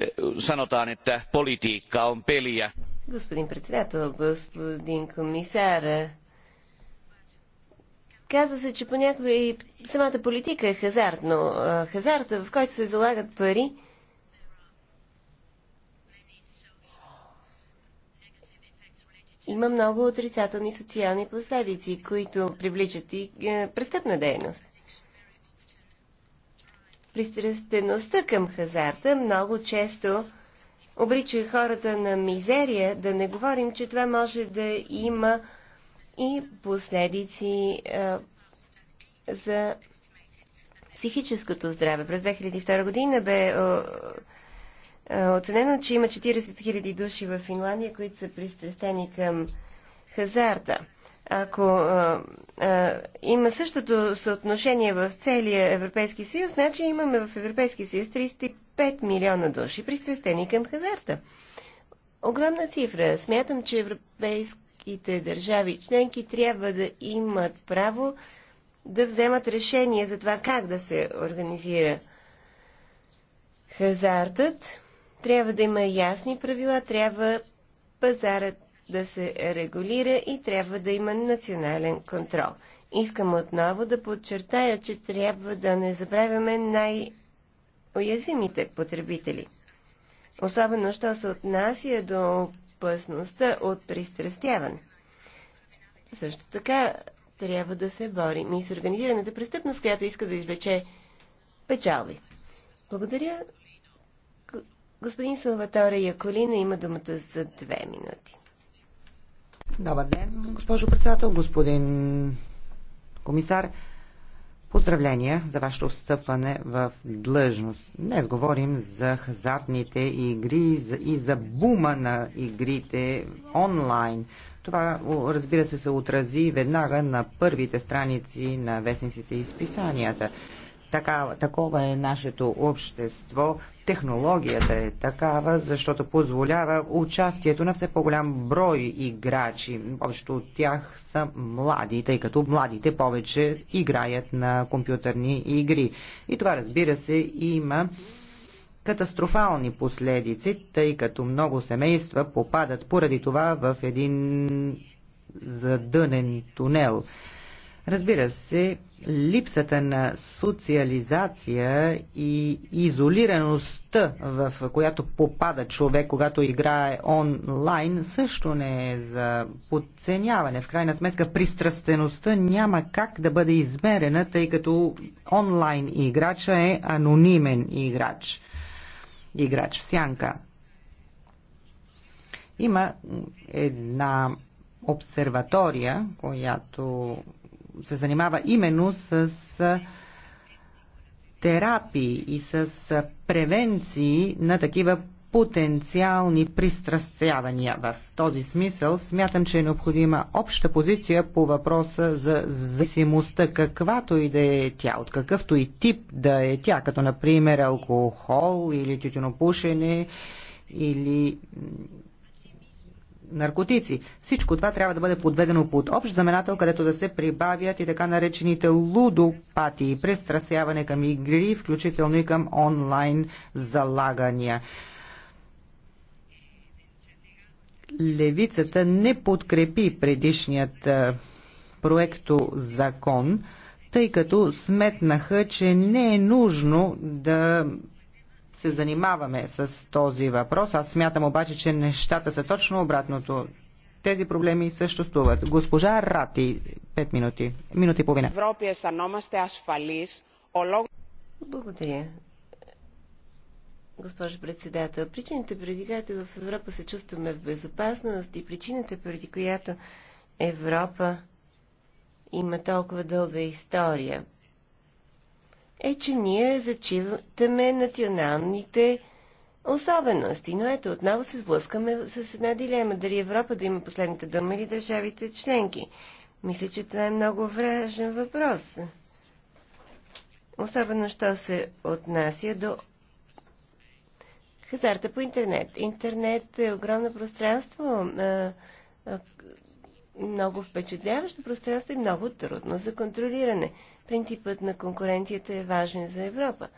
е, sanotaan, että politiikka on peliä. Господин председател, господин комисар, е, казва се, че понякога и самата политика е хазарт, но е, хазарта, в който се залагат пари, има много отрицателни социални последици, които привличат и престъпна дейност. Пристрастеността към хазарта много често обрича хората на мизерия, да не говорим, че това може да има и последици а, за психическото здраве. През 2002 година бе а, а, оценено, че има 40 000 души в Финландия, които са пристрастени към хазарта. Ако а, а, има същото съотношение в целия Европейски съюз, значи имаме в Европейски съюз 35 милиона души пристрастени към хазарта. Огромна цифра. Смятам, че европейските държави членки трябва да имат право да вземат решение за това как да се организира хазартът. Трябва да има ясни правила, трябва пазарът да се регулира и трябва да има национален контрол. Искам отново да подчертая, че трябва да не забравяме най-уязвимите потребители. Особено, що се отнася до опасността от пристрастяване. Също така трябва да се борим и с организираната престъпност, която иска да извлече печалби. Благодаря. Господин Салватора Яколина има думата за две минути. Добър ден, госпожо председател, господин комисар. Поздравления за вашето встъпване в длъжност. Днес говорим за хазартните игри и за бума на игрите онлайн. Това, разбира се, се отрази веднага на първите страници на вестниците и списанията. Такава, такова е нашето общество. Технологията е такава, защото позволява участието на все по-голям брой играчи. Повечето от тях са млади, тъй като младите повече играят на компютърни игри. И това, разбира се, има катастрофални последици, тъй като много семейства попадат поради това в един задънен тунел. Разбира се, липсата на социализация и изолираността, в която попада човек, когато играе онлайн, също не е за подценяване. В крайна сметка, пристрастеността няма как да бъде измерена, тъй като онлайн играча е анонимен играч. Играч в сянка. Има една обсерватория, която се занимава именно с терапии и с превенции на такива потенциални пристрастявания. В този смисъл смятам, че е необходима обща позиция по въпроса за зависимостта, каквато и да е тя, от какъвто и тип да е тя, като например алкохол или тютюнопушене или наркотици. Всичко това трябва да бъде подведено под общ знаменател, където да се прибавят и така наречените лудопатии, престрасяване към игри, включително и към онлайн залагания. Левицата не подкрепи предишният е, проекто закон, тъй като сметнаха, че не е нужно да се занимаваме с този въпрос. Аз смятам обаче, че нещата са точно обратното. Тези проблеми съществуват. Госпожа Рати, 5 минути. Минути и половина. Благодаря. Госпожо председател, причината, преди която в Европа се чувстваме в безопасност и причината, преди която Европа има толкова дълга история – е, че ние зачитаме националните особености. Но ето, отново се сблъскаме с една дилема. Дали Европа да има последната дума или държавите членки. Мисля, че това е много важен въпрос. Особено, що се отнася до хазарта по интернет. Интернет е огромно пространство, много впечатляващо пространство и много трудно за контролиране. Принципът на конкуренцията е важен за Европа,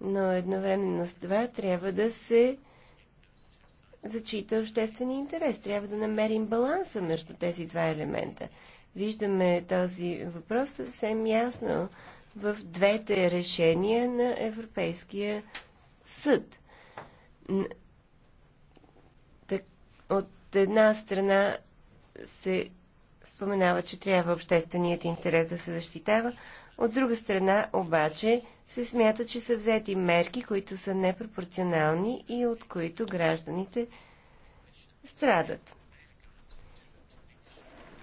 но едновременно с това трябва да се зачита обществения интерес. Трябва да намерим баланса между тези два елемента. Виждаме този въпрос съвсем ясно в двете решения на Европейския съд. От една страна се споменава, че трябва общественият интерес да се защитава, от друга страна, обаче, се смята, че са взети мерки, които са непропорционални и от които гражданите страдат.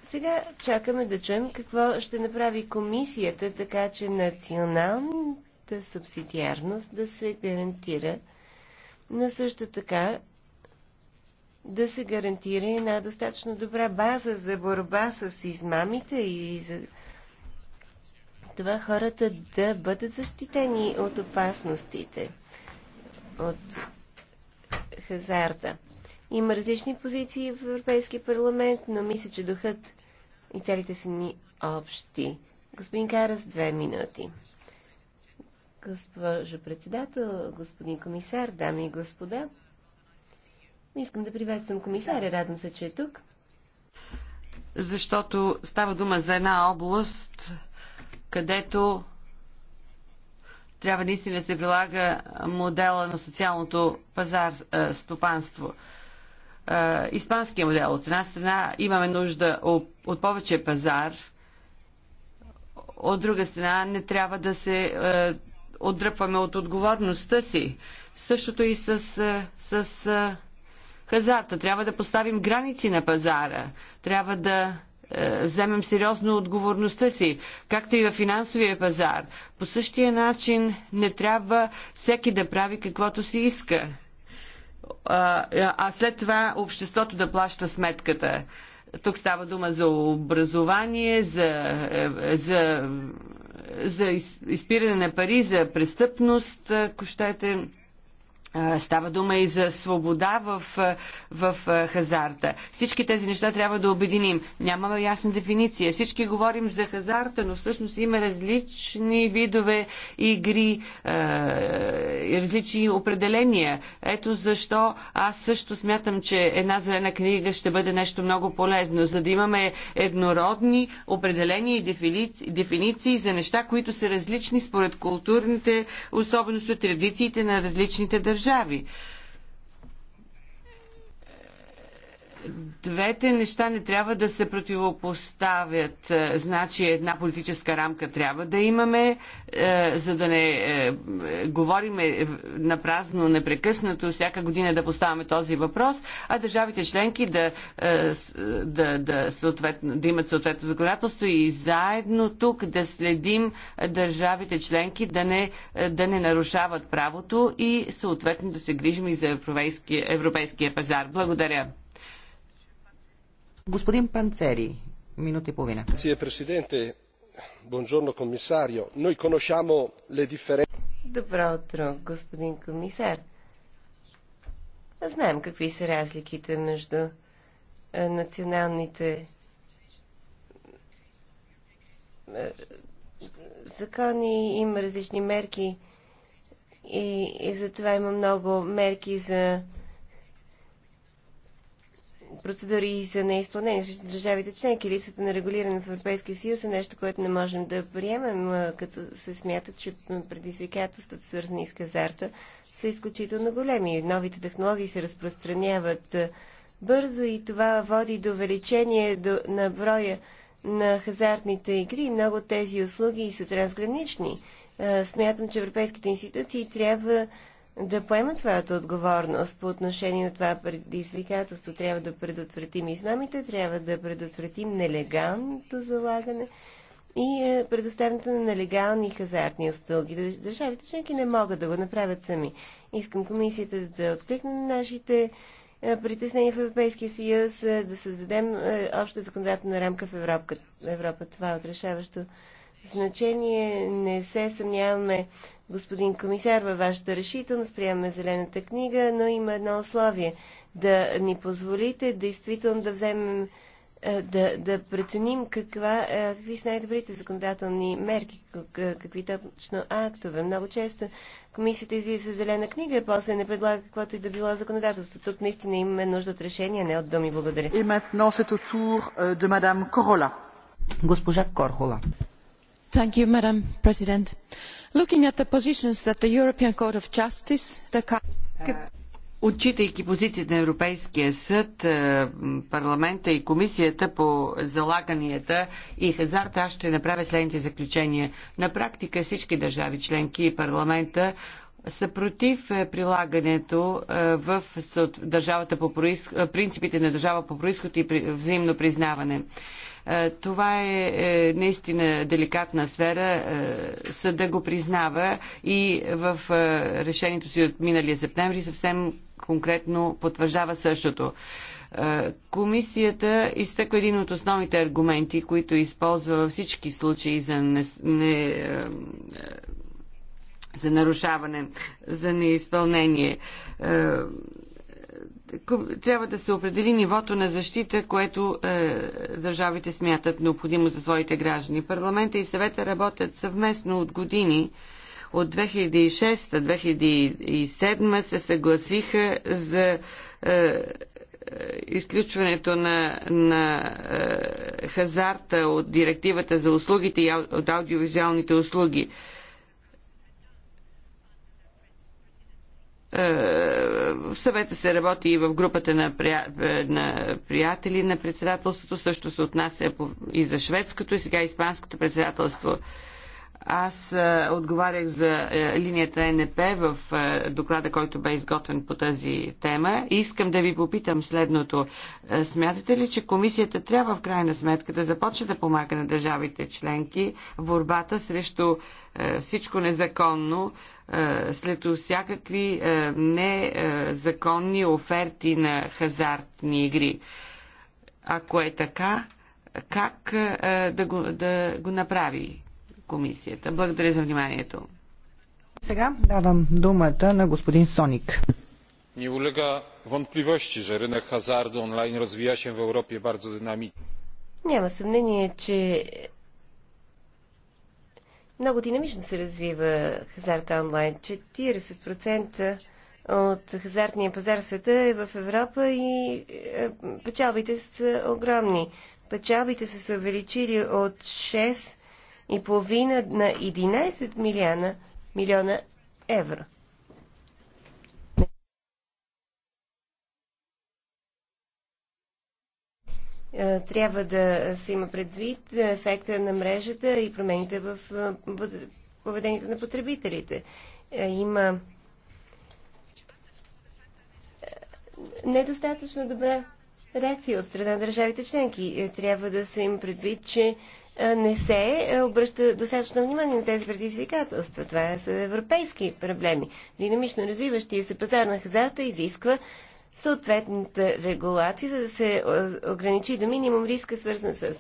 Сега чакаме да чуем какво ще направи комисията, така че националната субсидиарност да се гарантира, но също така да се гарантира една достатъчно добра база за борба с измамите и за това хората да бъдат защитени от опасностите, от хазарта. Има различни позиции в Европейския парламент, но мисля, че духът и целите са ни общи. Господин Карас, две минути. Госпожо председател, господин комисар, дами и господа, искам да приветствам комисаря. Радвам се, че е тук. Защото става дума за една област, където трябва наистина да се прилага модела на социалното пазар стопанство. Испанския модел. От една страна имаме нужда от повече пазар, от друга страна не трябва да се отдръпваме от отговорността си. Същото и с, с хазарта. Трябва да поставим граници на пазара. Трябва да е, вземем сериозно отговорността си, както и във финансовия пазар. По същия начин не трябва всеки да прави каквото си иска, а след това обществото да плаща сметката. Тук става дума за образование, за, е, за, за изпиране на пари, за престъпност, е, ако щете. Става дума и за свобода в, в хазарта. Всички тези неща трябва да обединим. Нямаме ясна дефиниция. Всички говорим за хазарта, но всъщност има различни видове игри, различни определения. Ето защо аз също смятам, че една зелена книга ще бъде нещо много полезно, за да имаме еднородни определения и дефиниции, дефиниции за неща, които са различни според културните особености, традициите на различните държави държави. Двете неща не трябва да се противопоставят. Е, значи една политическа рамка трябва да имаме, е, за да не е, говориме на празно непрекъснато всяка година да поставяме този въпрос, а държавите членки да, да, да, съответно, да имат съответно законодателство и заедно тук да следим държавите членки да не, да не нарушават правото и съответно да се грижим и за европейския, европейския пазар. Благодаря. Господин Панцери, минута и половина. Добро утро, господин комисар. Знаем какви са разликите между е, националните е, закони, има различни мерки и, и затова има много мерки за процедури за неизпълнение срещу държавите членки. Липсата на регулиране в Европейския съюз е нещо, което не можем да приемем, като се смята, че предизвикателствата, свързани с казарта, са изключително големи. Новите технологии се разпространяват бързо и това води до увеличение на броя на хазартните игри. Много от тези услуги са трансгранични. Смятам, че европейските институции трябва да поемат своята отговорност по отношение на това предизвикателство. Трябва да предотвратим измамите, трябва да предотвратим нелегалното залагане и е, предоставянето на нелегални хазартни услуги. Държавите членки не могат да го направят сами. Искам комисията да откликне на нашите е, притеснения в Европейския съюз, е, да създадем обща законодателна рамка в Европа. Европа това е отрешаващо значение. Не се съмняваме господин комисар, във вашата решителност приемаме зелената книга, но има едно условие. Да ни позволите действително да вземем е, да, да преценим каква, е, какви са най-добрите законодателни мерки, какви точно актове. Много често комисията излиза с зелена книга и после не предлага каквото и да било законодателство. Тук наистина имаме нужда от решение, не от думи. Благодаря. И maintenant c'est тур до мадам Корола. Госпожа Корхола. Thank you, madame president. Отчитайки позицията на Европейския съд, е, парламента и комисията по залаганията и хазарта, аз ще направя следните заключения. На практика всички държави членки и парламента са против е, прилагането е, в държавата по происход, принципите на държава по происход и взаимно признаване. Е, това е, е наистина деликатна сфера. Е, съда го признава и в решението си от миналия септември съвсем конкретно потвърждава същото. Комисията изтъква един от основните аргументи, които използва във всички случаи за не, не, за нарушаване, за неизпълнение трябва да се определи нивото на защита, което е, държавите смятат необходимо за своите граждани. Парламента и съвета работят съвместно от години. От 2006-2007 се съгласиха за е, е, изключването на, на е, хазарта от директивата за услугите и от аудиовизуалните услуги. Е, Е, в съвета се работи и в групата на, прия... Е, на приятели на председателството, също се отнася и за шведското, и сега испанското председателство. Аз е, отговарях за линията НП в доклада, който бе изготвен по тази тема. И искам да ви попитам следното. смятате ли, че комисията трябва в крайна сметка да започне да помага на държавите членки в борбата срещу всичко незаконно, след всякакви незаконни оферти на хазартни игри. Ако е така, как да го, да го направи комисията? Благодаря за вниманието. Сега давам думата на господин Соник. Не улега wątpliwości, че рънък хазарда онлайн развия се в Европа е dynamicznie. Nie Няма съмнение, че много динамично се развива хазарта онлайн. 40% от хазартния пазар в света е в Европа и е, печалбите са огромни. Печалбите са се увеличили от 6,5 на 11 милиона, милиона евро. Е, трябва да се има предвид ефекта на мрежата и промените в е, поведението на потребителите. Е, има недостатъчно добра реакция от страна на държавите членки. Трябва да се има предвид, че не се обръща достатъчно внимание на тези предизвикателства. Това са европейски проблеми. Динамично развиващия се пазар на хазарта изисква съответната регулация, за да се е, ограничи до минимум риска, свързан с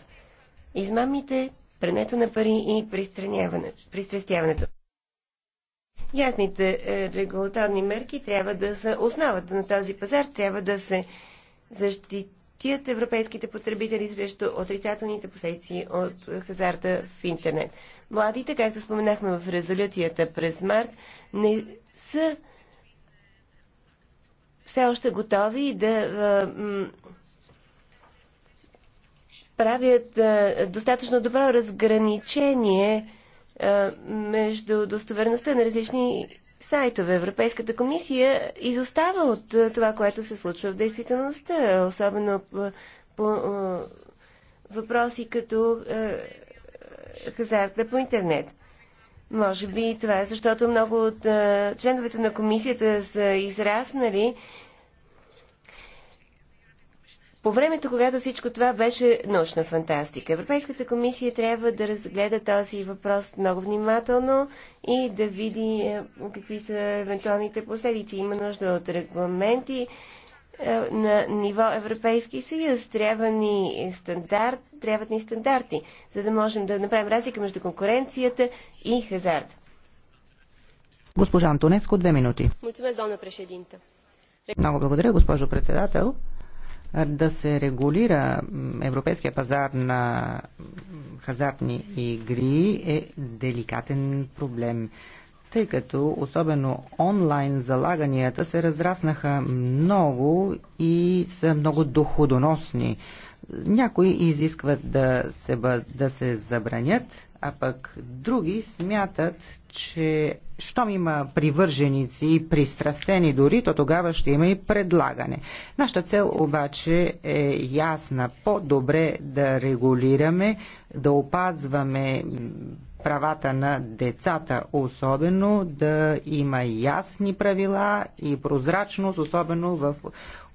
измамите, прането на пари и пристрастяването. Ясните е, регулаторни мерки трябва да са основата на този пазар, трябва да се защитят европейските потребители срещу отрицателните последици от хазарта в интернет. Младите, както споменахме в резолюцията през март, не са все още готови да правят достатъчно добро разграничение между достоверността на различни сайтове. Европейската комисия изостава от това, което се случва в действителността, особено по, по въпроси като хазарта по интернет. Може би това е защото много от членовете на комисията са израснали по времето, когато всичко това беше научна фантастика. Европейската комисия трябва да разгледа този въпрос много внимателно и да види какви са евентуалните последици. Има нужда от регламенти на ниво Европейски съюз. Трябва ни стандарт трябват ни стандарти, за да можем да направим разлика между конкуренцията и хазарт. Госпожа Антонецко, две минути. Много благодаря, госпожо председател да се регулира европейския пазар на хазартни игри е деликатен проблем, тъй като особено онлайн залаганията се разраснаха много и са много доходоносни. Някои изискват да се, да се забранят, а пък други смятат, че щом има привърженици и пристрастени дори, то тогава ще има и предлагане. Нашата цел обаче е ясна. По-добре да регулираме, да опазваме правата на децата, особено да има ясни правила и прозрачност, особено в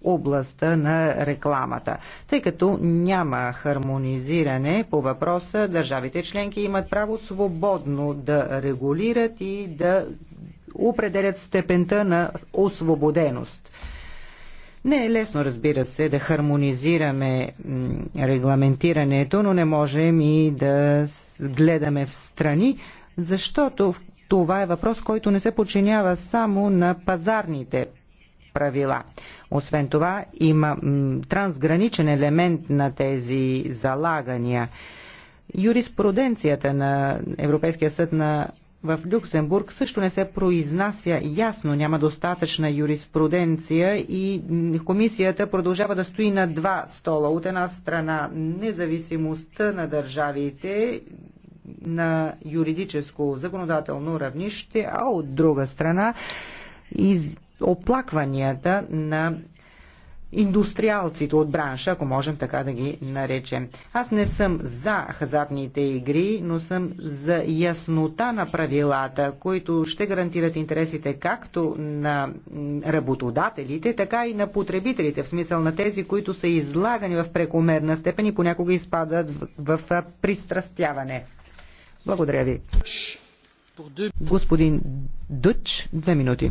областта на рекламата. Тъй като няма хармонизиране по въпроса, държавите членки имат право свободно да регулират и да определят степента на освободеност. Не е лесно, разбира се, да хармонизираме регламентирането, но не можем и да гледаме в страни, защото това е въпрос, който не се подчинява само на пазарните правила. Освен това има трансграничен елемент на тези залагания. Юриспруденцията на Европейския съд на в Люксембург също не се произнася ясно, няма достатъчна юриспруденция и комисията продължава да стои на два стола. От една страна независимостта на държавите на юридическо законодателно равнище, а от друга страна из оплакванията на индустриалците от бранша, ако можем така да ги наречем. Аз не съм за хазартните игри, но съм за яснота на правилата, които ще гарантират интересите както на работодателите, така и на потребителите, в смисъл на тези, които са излагани в прекомерна степен и понякога изпадат в, в пристрастяване. Благодаря ви. Господин Дъч, две минути.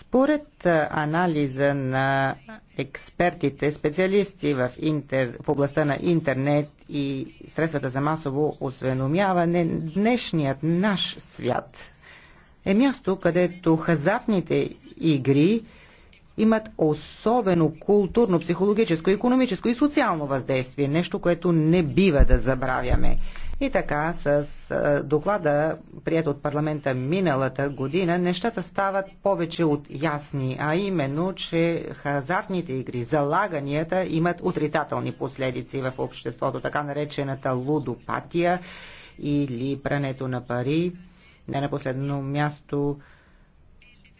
Според анализа на експертите, специалисти в, интер, в областта на интернет и средствата за масово осведомяване, днешният наш свят е място, където хазартните игри имат особено културно, психологическо, економическо и социално въздействие. Нещо, което не бива да забравяме. И така, с доклада, прият от парламента миналата година, нещата стават повече от ясни, а именно, че хазартните игри, залаганията имат отрицателни последици в обществото, така наречената лудопатия или прането на пари, не на последно място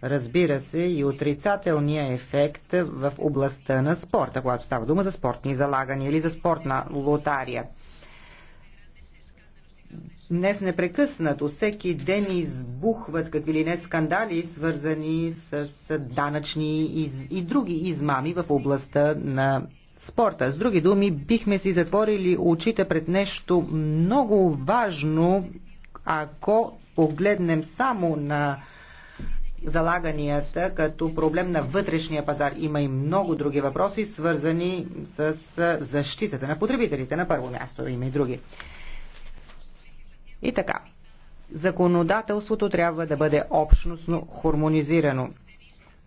разбира се, и отрицателния ефект в областта на спорта, когато става дума за спортни залагания или за спортна лотария. Днес непрекъснато, всеки ден избухват какви ли не скандали, свързани с данъчни и други измами в областта на спорта. С други думи, бихме си затворили очите пред нещо много важно, ако погледнем само на залаганията като проблем на вътрешния пазар. Има и много други въпроси, свързани с защитата на потребителите на първо място. Има и други. И така. Законодателството трябва да бъде общностно хармонизирано.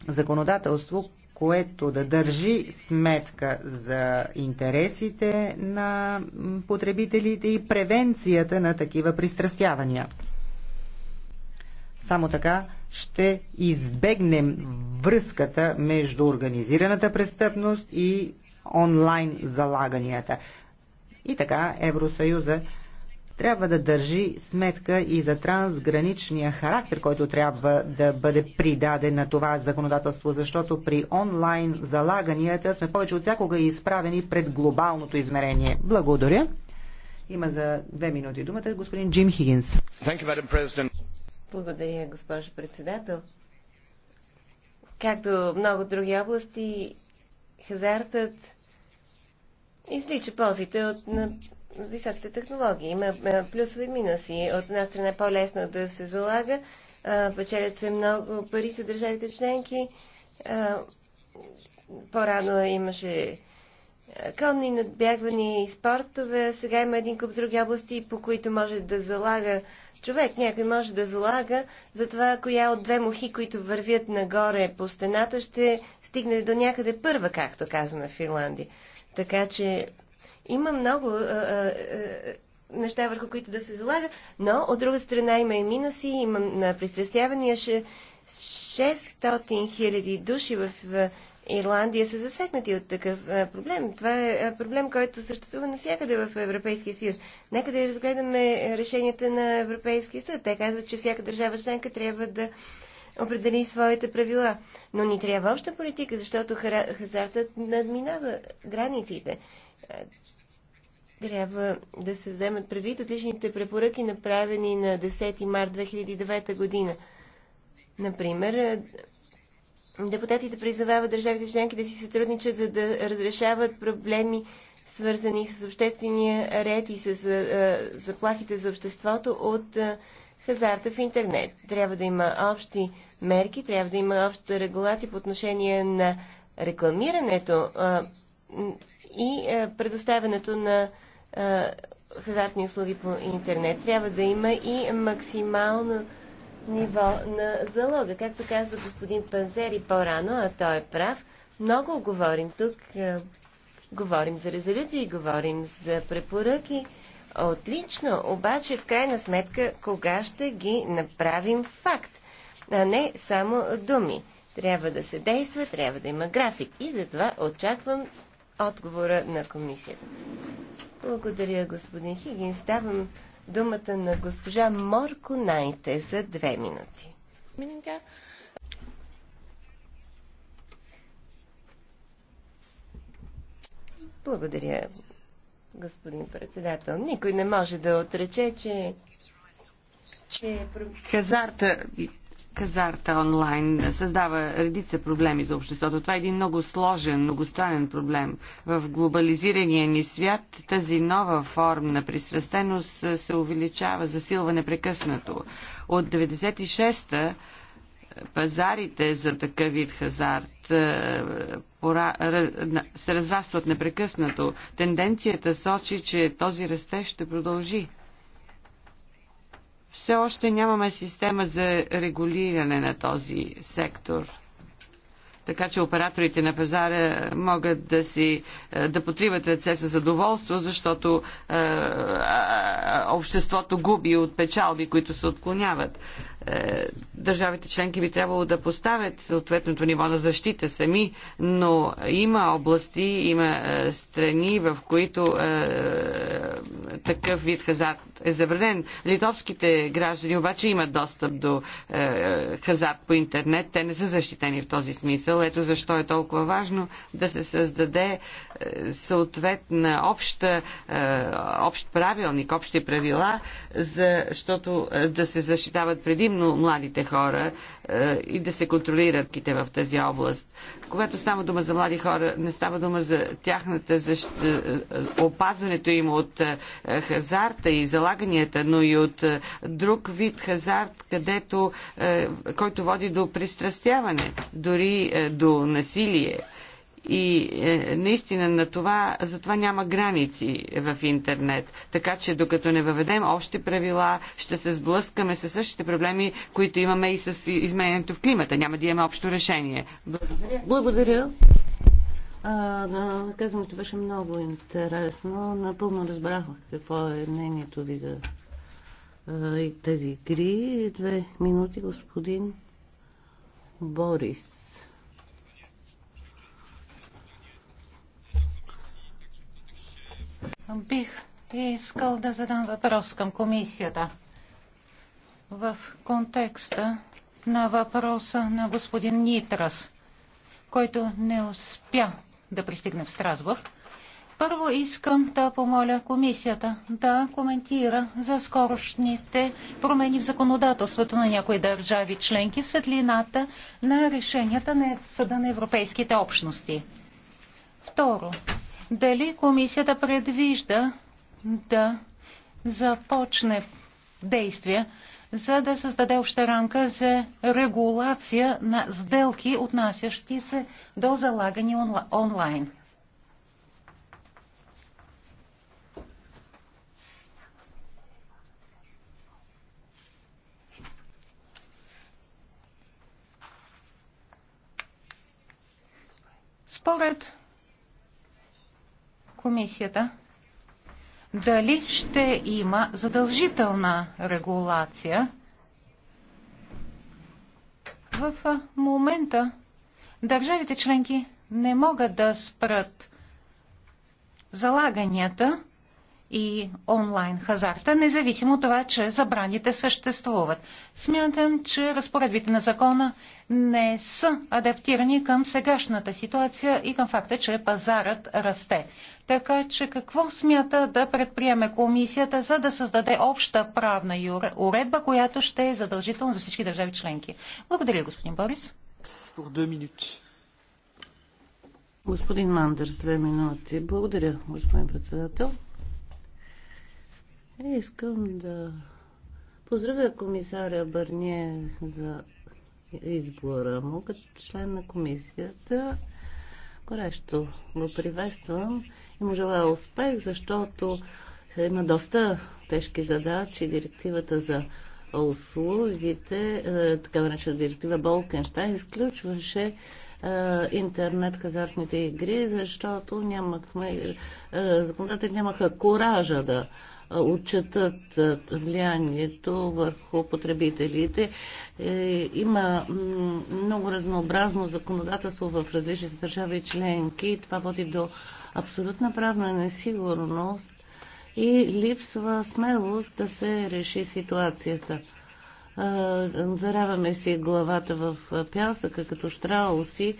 Законодателство, което да държи сметка за интересите на потребителите и превенцията на такива пристрастявания. Само така ще избегнем връзката между организираната престъпност и онлайн залаганията. И така Евросъюза трябва да държи сметка и за трансграничния характер, който трябва да бъде придаден на това законодателство, защото при онлайн залаганията сме повече от всякога изправени пред глобалното измерение. Благодаря. Има за две минути думата господин Джим Хигинс. Благодаря, госпожо председател. Както много други области, хазартът излича ползите от на високите технологии. Има плюсови минуси. От една страна е по-лесно да се залага, печелят се много пари за държавите членки. По-рано имаше конни надбягвани и спортове. Сега има един куп други области, по които може да залага човек. Някой може да залага за това, коя от две мухи, които вървят нагоре по стената, ще стигне до някъде първа, както казваме в Финландия. Така че има много а, а, неща, върху които да се залага, но от друга страна има и минуси, има на пристрастявания 600 хиляди души в Ирландия са засегнати от такъв проблем. Това е проблем, който съществува навсякъде в Европейския съюз. Нека да разгледаме решенията на Европейския съд. Те казват, че всяка държава членка трябва да определи своите правила. Но ни трябва обща политика, защото хазартът надминава границите. Трябва да се вземат предвид личните препоръки, направени на 10 март 2009 година. Например, Депутатите призовават държавите членки да си сътрудничат, за да разрешават проблеми, свързани с обществения ред и с заплахите за обществото от хазарта в интернет. Трябва да има общи мерки, трябва да има обща регулация по отношение на рекламирането а, и а, предоставянето на а, хазартни услуги по интернет. Трябва да има и максимално ниво на залога. Както каза господин Панзери по-рано, а той е прав, много говорим тук, е, говорим за резолюции, говорим за препоръки. Отлично, обаче в крайна сметка кога ще ги направим факт, а не само думи. Трябва да се действа, трябва да има график и затова очаквам отговора на комисията. Благодаря, господин Хигин. Ставам думата на госпожа Морко Найте за две минути. Благодаря, господин председател. Никой не може да отрече, че, че е хазарта Казарта онлайн създава редица проблеми за обществото. Това е един много сложен, многостранен проблем. В глобализирания ни свят тази нова форма на пристрастеност се увеличава, засилва непрекъснато. От 96-та пазарите за такъв вид хазарт е, се разрастват непрекъснато. Тенденцията сочи, че този растеж ще продължи. Все още нямаме система за регулиране на този сектор. Така че операторите на пазара могат да, си, е, да потриват ръце с задоволство, защото е, е, е, обществото губи от печалби, които се отклоняват. Е, държавите членки би трябвало да поставят съответното ниво на защита сами, но има области, има е, страни, в които е, такъв вид хазарт е забранен. Литовските граждани обаче имат достъп до е, хазарт по интернет. Те не са защитени в този смисъл. Ето защо е толкова важно да се създаде съответна обща, е, общ правилник, общи правила, защото е, да се защитават предимно младите хора е, и да се контролират ките в тази област. Когато става дума за млади хора, не става дума за тяхната защита, опазването им от хазарта и залаганията, но и от друг вид хазарт, където, който води до пристрастяване, дори до насилие и е, наистина на това, за това няма граници в интернет. Така че докато не въведем още правила, ще се сблъскаме с същите проблеми, които имаме и с изменението в климата. Няма да имаме общо решение. Благодаря. Благодаря. А, да, казването беше много интересно. Напълно разбрах какво е мнението ви за а, тези игри. Две минути, господин Борис. Бих искал да задам въпрос към комисията. В контекста на въпроса на господин Нитрас, който не успя да пристигне в Страсбург, първо искам да помоля комисията да коментира за скорошните промени в законодателството на някои държави членки в светлината на решенията на Съда на Европейските общности. Второ, дали комисията предвижда да започне действия, за да създаде обща рамка за регулация на сделки, отнасящи се до залагани онлайн. Според комисията дали ще има задължителна регулация. В момента държавите членки не могат да спрат залаганията, и онлайн хазарта, независимо от това, че забраните съществуват. Смятам, че разпоредбите на закона не са адаптирани към сегашната ситуация и към факта, че пазарът расте. Така че какво смята да предприеме комисията, за да създаде обща правна уредба, която ще е задължителна за всички държави членки? Благодаря, господин Борис. Господин Мандърс, две минути. Благодаря, господин председател. Искам да поздравя комисаря Бърния за избора му като член на комисията. Горещо го приветствам и му желая успех, защото има доста тежки задачи. Директивата за услугите, е, така наречена директива Болкенштайн, изключваше е, интернет хазартните игри, защото нямахме, е, законодателите нямаха коража да отчетат влиянието върху потребителите. Е, има много разнообразно законодателство в различните държави и членки и това води до абсолютна правна несигурност и липсва смелост да се реши ситуацията. Заравяме си главата в пясъка като штрауси,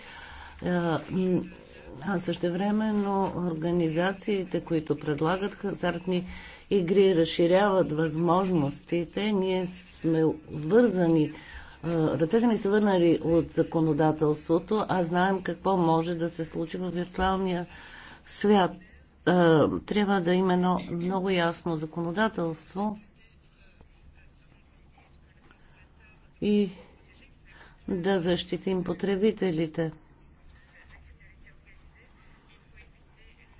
а също време, но организациите, които предлагат хазартни игри разширяват възможностите. Ние сме вързани, ръцете ни са върнали от законодателството, а знаем какво може да се случи в виртуалния свят. Трябва да има едно много ясно законодателство и да защитим потребителите.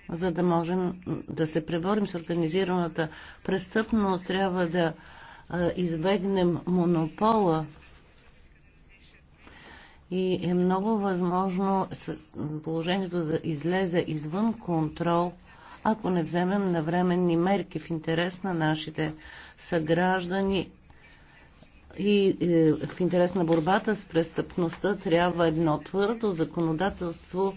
за да можем да се преборим с организираната престъпност, трябва да избегнем монопола и е много възможно положението да излезе извън контрол, ако не вземем навременни мерки в интерес на нашите съграждани и е, в интерес на борбата с престъпността трябва едно твърдо законодателство,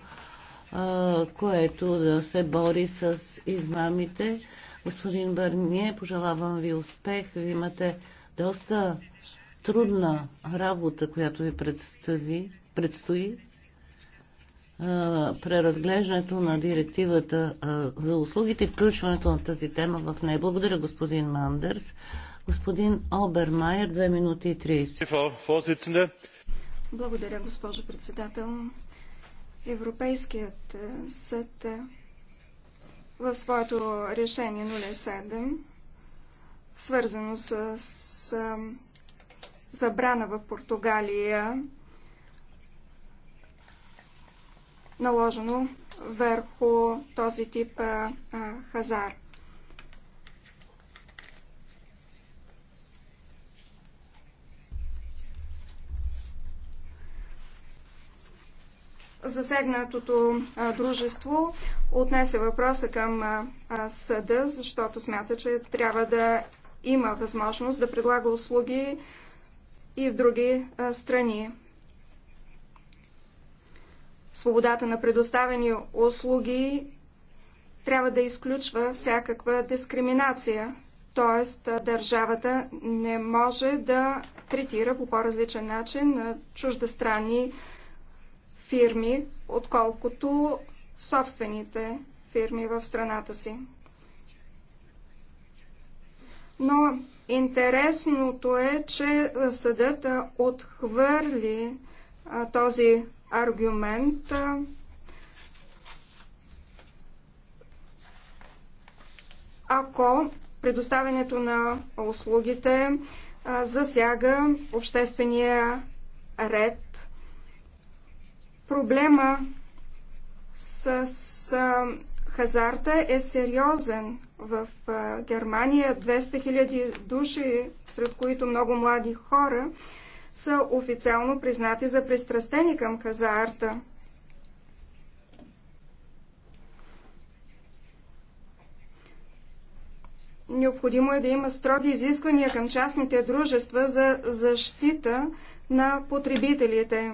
което да се бори с измамите. Господин Бърние, пожелавам ви успех. Ви имате доста трудна работа, която ви представи, предстои. Преразглеждането на директивата за услугите и включването на тази тема в нея. Благодаря, господин Мандерс. Господин Обермайер, 2 минути и 30. Благодаря, госпожо председател. Европейският е, съд е, в своето решение 07, свързано с, с е, забрана в Португалия, наложено върху този тип а, хазар. засегнатото дружество отнесе въпроса към съда, защото смята, че трябва да има възможност да предлага услуги и в други страни. Свободата на предоставени услуги трябва да изключва всякаква дискриминация, т.е. държавата не може да третира по по-различен начин чуждестранни фирми, отколкото собствените фирми в страната си. Но интересното е, че съдът отхвърли този аргумент. Ако предоставянето на услугите засяга обществения ред Проблема с, с хазарта е сериозен. В Германия 200 000 души, сред които много млади хора, са официално признати за пристрастени към хазарта. Необходимо е да има строги изисквания към частните дружества за защита на потребителите.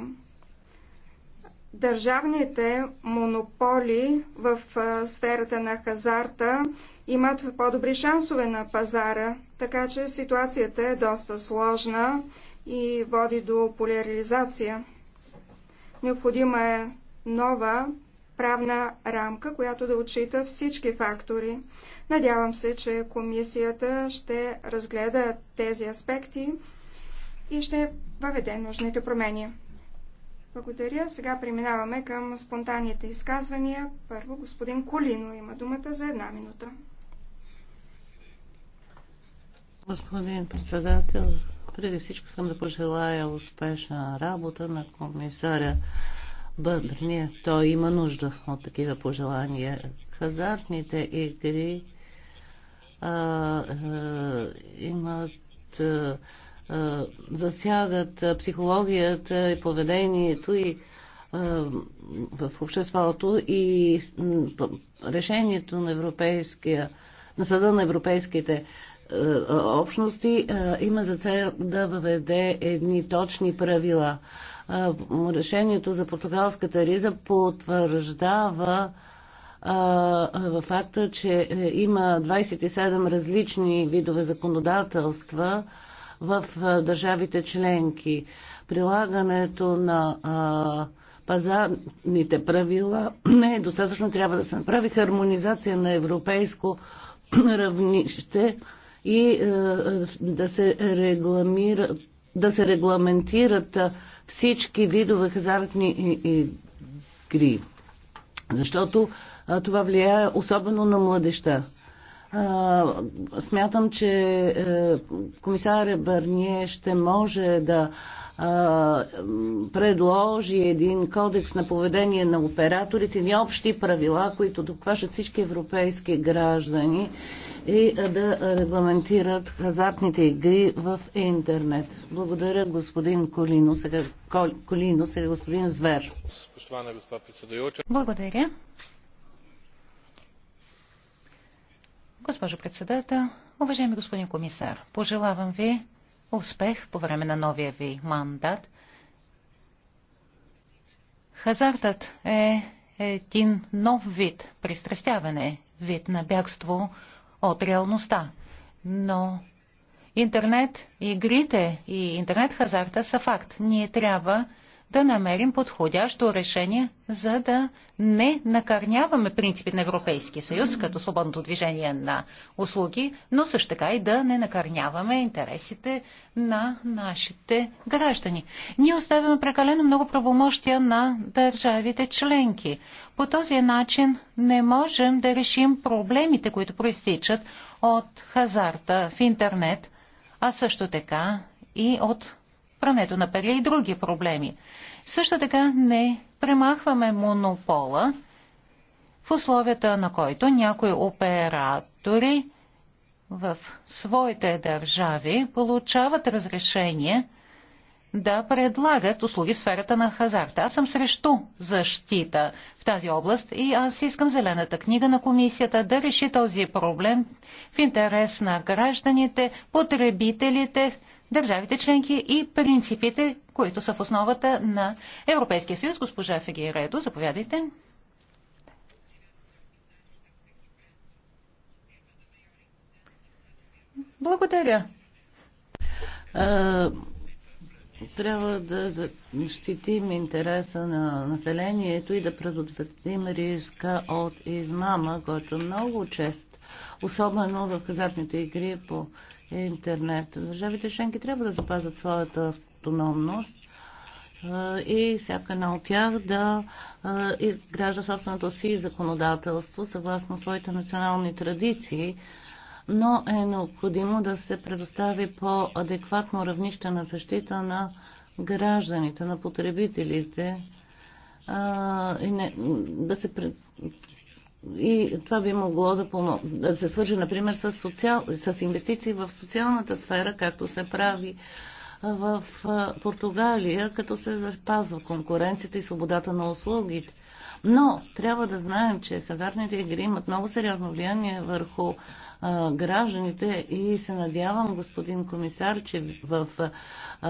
Държавните монополи в сферата на хазарта имат по-добри шансове на пазара, така че ситуацията е доста сложна и води до поляризация. Необходима е нова правна рамка, която да отчита всички фактори. Надявам се, че комисията ще разгледа тези аспекти и ще въведе нужните промени. Благодаря. Сега преминаваме към спонтанните изказвания. Първо господин Колино има думата за една минута. Господин председател, преди всичко съм да пожелая успешна работа на комисаря Бъдрния. Той има нужда от такива пожелания. Хазартните игри а, а, имат а, засягат психологията и поведението и в обществото и решението на Европейския на Съда на Европейските общности има за цел да въведе едни точни правила. Решението за португалската риза потвърждава в факта, че е, има 27 различни видове законодателства, в държавите членки. Прилагането на а, пазарните правила не е достатъчно. Трябва да се направи хармонизация на европейско равнище и а, да се регламира да се регламентират всички видове хазартни игри. Защото а, това влияе особено на младеща. Смятам, че е, комисар Бърние ще може да предложи един кодекс на поведение на операторите и общи правила, които доквашат всички европейски граждани и да регламентират хазартните игри в интернет. Благодаря господин Колино, сега, Колино, сега господин Звер. Благодаря. Госпожо председател, уважаеми господин комисар, пожелавам ви успех по време на новия ви мандат. Хазартът е един нов вид пристрастяване, вид на бягство от реалността. Но интернет игрите и интернет хазарта са факт. Ние трябва да намерим подходящо решение, за да не накърняваме принципи на Европейския съюз, като свободното движение на услуги, но също така и да не накърняваме интересите на нашите граждани. Ние оставяме прекалено много правомощия на държавите членки. По този начин не можем да решим проблемите, които проистичат от хазарта в интернет, а също така и от прането на пари и други проблеми. Също така не премахваме монопола, в условията на който някои оператори в своите държави получават разрешение да предлагат услуги в сферата на хазарта. Аз съм срещу защита в тази област и аз искам зелената книга на комисията да реши този проблем в интерес на гражданите, потребителите, държавите членки и принципите, които са в основата на Европейския съюз. Госпожа Фегиредо, заповядайте. Благодаря. А, трябва да защитим интереса на населението и да предотвратим риска от измама, който много чест, особено в казатните игри по интернет. Държавите членки трябва да запазят своята автономност и всяка една от тях да изгражда собственото си законодателство съгласно своите национални традиции, но е необходимо да се предостави по-адекватно равнище на защита на гражданите, на потребителите и не, да се и това би могло да, помог, да се свържи, например, с, социал... с инвестиции в социалната сфера, както се прави в Португалия, като се запазва конкуренцията и свободата на услугите. Но трябва да знаем, че хазартните игри имат много сериозно влияние върху а, гражданите и се надявам, господин комисар, че в а,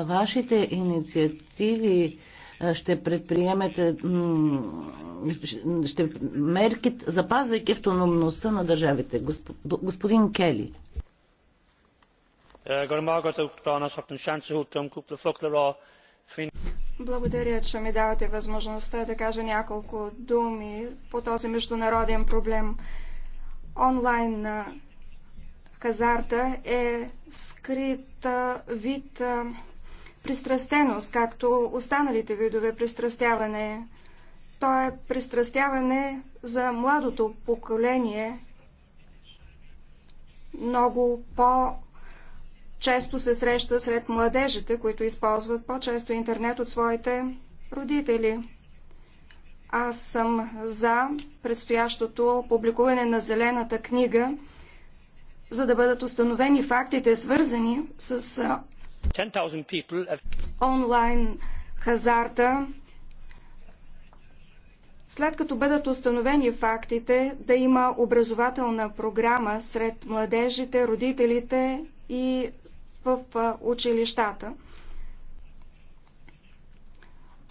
вашите инициативи а, ще предприемете ще мерки, запазвайки автономността на държавите. Госп, господин Кели. Благодаря, че ми давате възможността да кажа няколко думи по този международен проблем. Онлайн хазарта е скрит вид пристрастеност, както останалите видове пристрастяване. То е пристрастяване за младото поколение много по често се среща сред младежите, които използват по-често интернет от своите родители. Аз съм за предстоящото публикуване на Зелената книга, за да бъдат установени фактите, свързани с онлайн хазарта. След като бъдат установени фактите, да има образователна програма сред младежите, родителите и в училищата,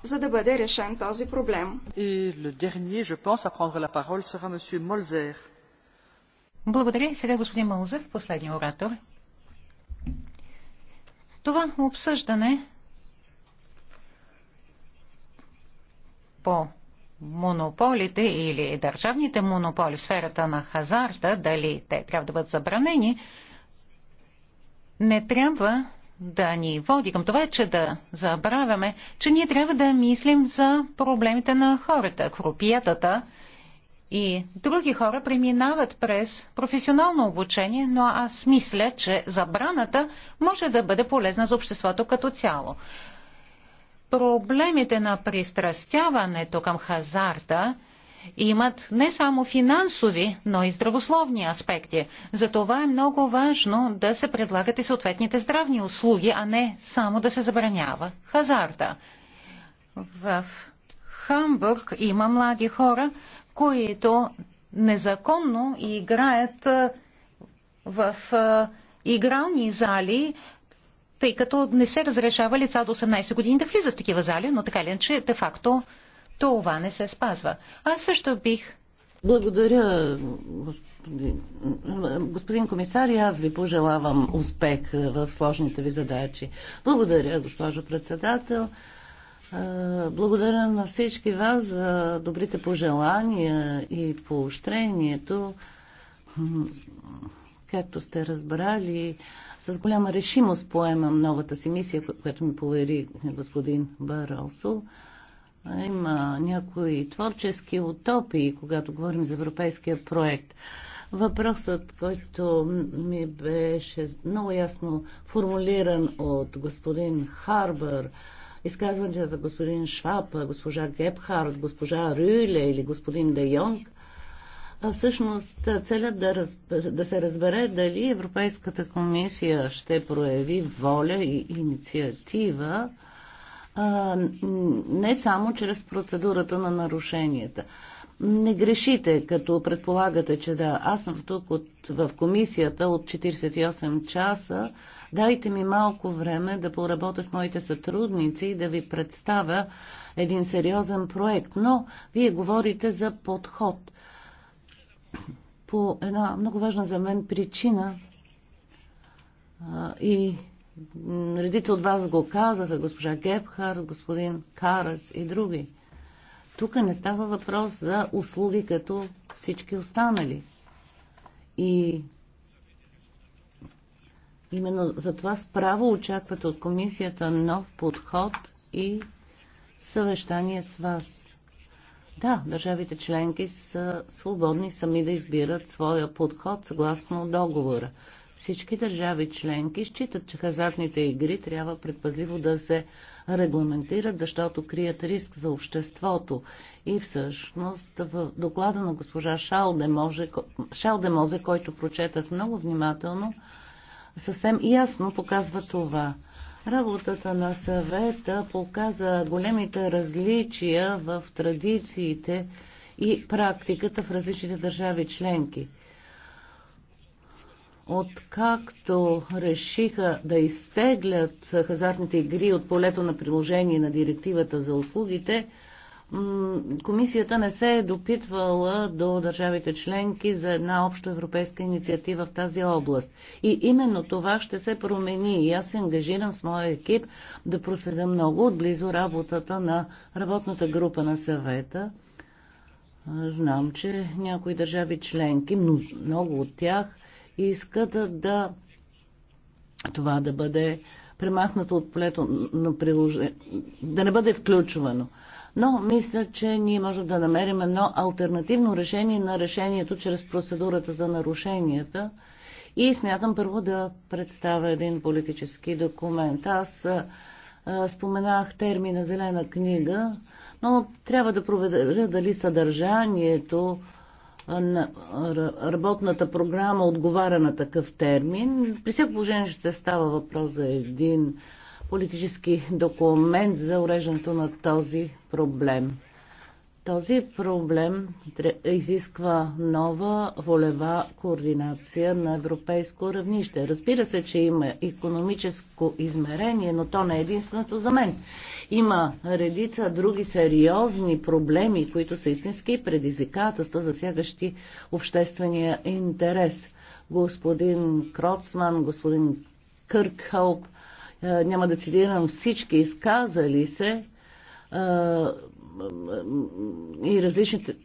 за да бъде решен този проблем. Благодаря. И сега господин Мълзер, последния оратор. Това обсъждане по монополите или държавните монополи в сферата на хазарта, дали те трябва да бъдат забранени, не трябва да ни води към това, че да забравяме, че ние трябва да мислим за проблемите на хората, хрупиятата и други хора преминават през професионално обучение, но аз мисля, че забраната може да бъде полезна за обществото като цяло. Проблемите на пристрастяването към хазарта имат не само финансови, но и здравословни аспекти. Затова е много важно да се предлагат и съответните здравни услуги, а не само да се забранява хазарта. В Хамбург има млади хора, които незаконно играят в игрални зали, тъй като не се разрешава лица до 18 години да влизат в такива зали, но така ли, че де-факто това не се спазва. Аз също бих благодаря, господин, господин комисар, и аз ви пожелавам успех е, в сложните ви задачи. Благодаря, госпожо председател. Е, благодаря на всички вас за добрите пожелания и поощрението. Както сте разбрали, с голяма решимост поемам новата си мисия, която ми повери господин Баросо има някои творчески утопии, когато говорим за европейския проект. Въпросът, който ми беше много ясно формулиран от господин Харбър, изказването за господин Шваб, госпожа Гепхард, госпожа Рюле или господин Де Йонг, всъщност целят да, раз, да се разбере дали Европейската комисия ще прояви воля и инициатива а, не само чрез процедурата на нарушенията. Не грешите, като предполагате, че да, аз съм тук от, в комисията от 48 часа. Дайте ми малко време да поработя с моите сътрудници и да ви представя един сериозен проект. Но вие говорите за подход. По една много важна за мен причина а, и Редите от вас го казаха, госпожа Гепхар, господин Карас и други. Тук не става въпрос за услуги като всички останали. И именно за това справо очаквате от комисията нов подход и съвещание с вас. Да, държавите членки са свободни сами да избират своя подход съгласно договора. Всички държави членки считат, че хазартните игри трябва предпазливо да се регламентират, защото крият риск за обществото. И всъщност в доклада на госпожа Шалдемозе, Шалдемозе който прочетах много внимателно, съвсем ясно показва това. Работата на съвета показа големите различия в традициите и практиката в различните държави членки. Откакто решиха да изтеглят хазартните игри от полето на приложение на директивата за услугите, комисията не се е допитвала до държавите членки за една общо европейска инициатива в тази област. И именно това ще се промени. И аз се ангажирам с моя екип да проследя много отблизо работата на работната група на съвета. Знам, че някои държави членки, много от тях, искат да това да бъде премахнато от полето на приложение, да не бъде включвано. Но мисля, че ние можем да намерим едно альтернативно решение на решението чрез процедурата за нарушенията. И смятам първо да представя един политически документ. Аз а, споменах термина зелена книга, но трябва да проведа дали съдържанието работната програма отговаря на такъв термин. При всяко положение ще става въпрос за един политически документ за уреждането на този проблем. Този проблем изисква нова волева координация на европейско равнище. Разбира се, че има економическо измерение, но то не е единственото за мен. Има редица други сериозни проблеми, които са истински предизвикателства, засягащи обществения интерес. Господин Кроцман, господин Къркхълп, е, няма да цитирам всички изказали се е, е, и различните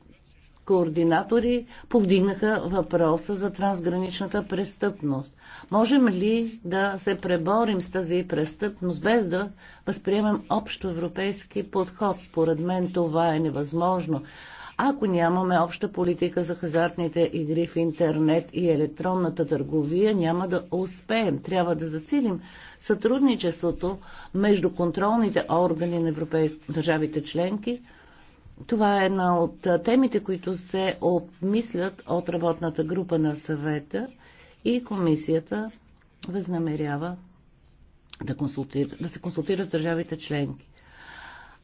координатори повдигнаха въпроса за трансграничната престъпност. Можем ли да се преборим с тази престъпност без да възприемем общо европейски подход? Според мен това е невъзможно. Ако нямаме обща политика за хазартните игри в интернет и електронната търговия, няма да успеем. Трябва да засилим сътрудничеството между контролните органи на европейски държавите членки – това е една от темите, които се обмислят от работната група на съвета и комисията възнамерява да, консултира, да се консултира с държавите членки.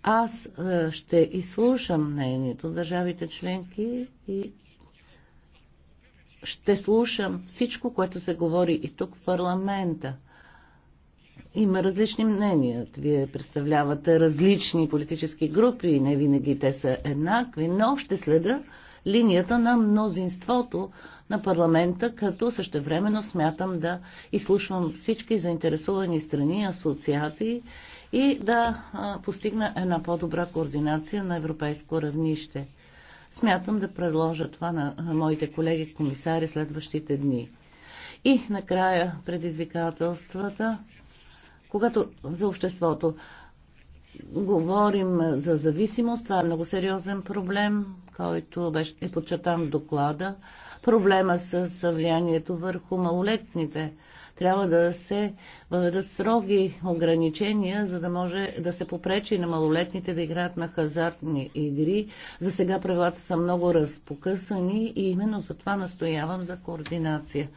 Аз ще изслушам мнението на държавите членки и ще слушам всичко, което се говори и тук в парламента. Има различни мнения. Вие представлявате различни политически групи, не винаги те са еднакви, но ще следа линията на мнозинството на парламента, като същевременно смятам да изслушвам всички заинтересувани страни, асоциации и да постигна една по-добра координация на европейско равнище. Смятам да предложа това на моите колеги комисари следващите дни. И накрая предизвикателствата когато за обществото говорим за зависимост, това е много сериозен проблем, който беше, е подчертан в доклада. Проблема с влиянието върху малолетните. Трябва да се въведат строги ограничения, за да може да се попречи на малолетните да играят на хазартни игри. За сега правилата са много разпокъсани и именно за това настоявам за координация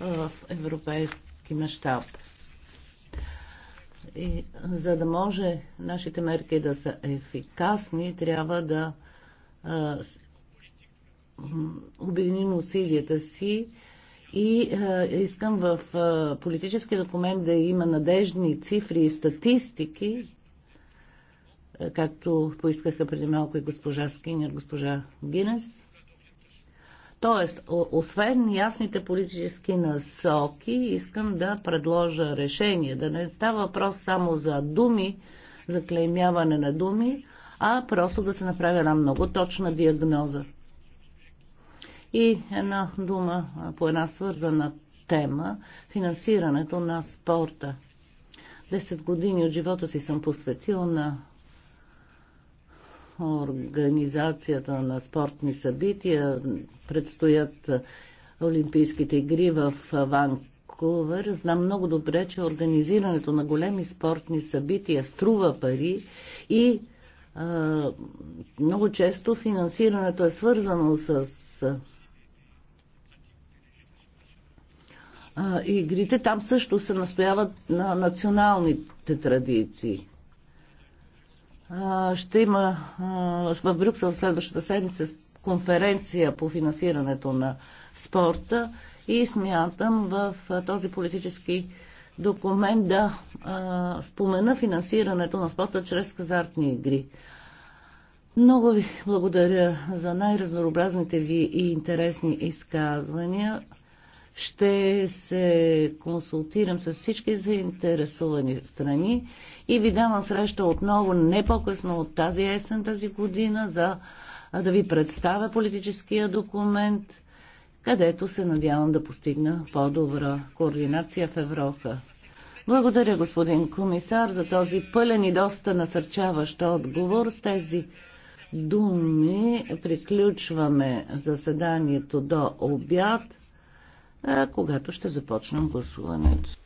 в европейски мащаб. И за да може нашите мерки да са ефикасни, трябва да а, обединим усилията си и а, искам в а, политически документ да има надежни цифри и статистики, а, както поискаха преди малко и госпожа Скинер, госпожа Гинес. Тоест, освен ясните политически насоки, искам да предложа решение. Да не става въпрос само за думи, за клеймяване на думи, а просто да се направи една много точна диагноза. И една дума по една свързана тема финансирането на спорта. Десет години от живота си съм посветил на организацията на спортни събития. Предстоят Олимпийските игри в Ванкувър. Знам много добре, че организирането на големи спортни събития струва пари и а, много често финансирането е свързано с а, игрите. Там също се настояват на националните традиции. Ще има в Брюксел следващата седмица конференция по финансирането на спорта и смятам в този политически документ да спомена финансирането на спорта чрез казартни игри. Много ви благодаря за най-разнообразните ви и интересни изказвания. Ще се консултирам с всички заинтересовани страни и ви давам среща отново не по-късно от тази есен тази година, за да ви представя политическия документ, където се надявам да постигна по-добра координация в Европа. Благодаря, господин комисар, за този пълен и доста насърчаващ отговор. С тези думи приключваме заседанието до обяд, когато ще започнем гласуването.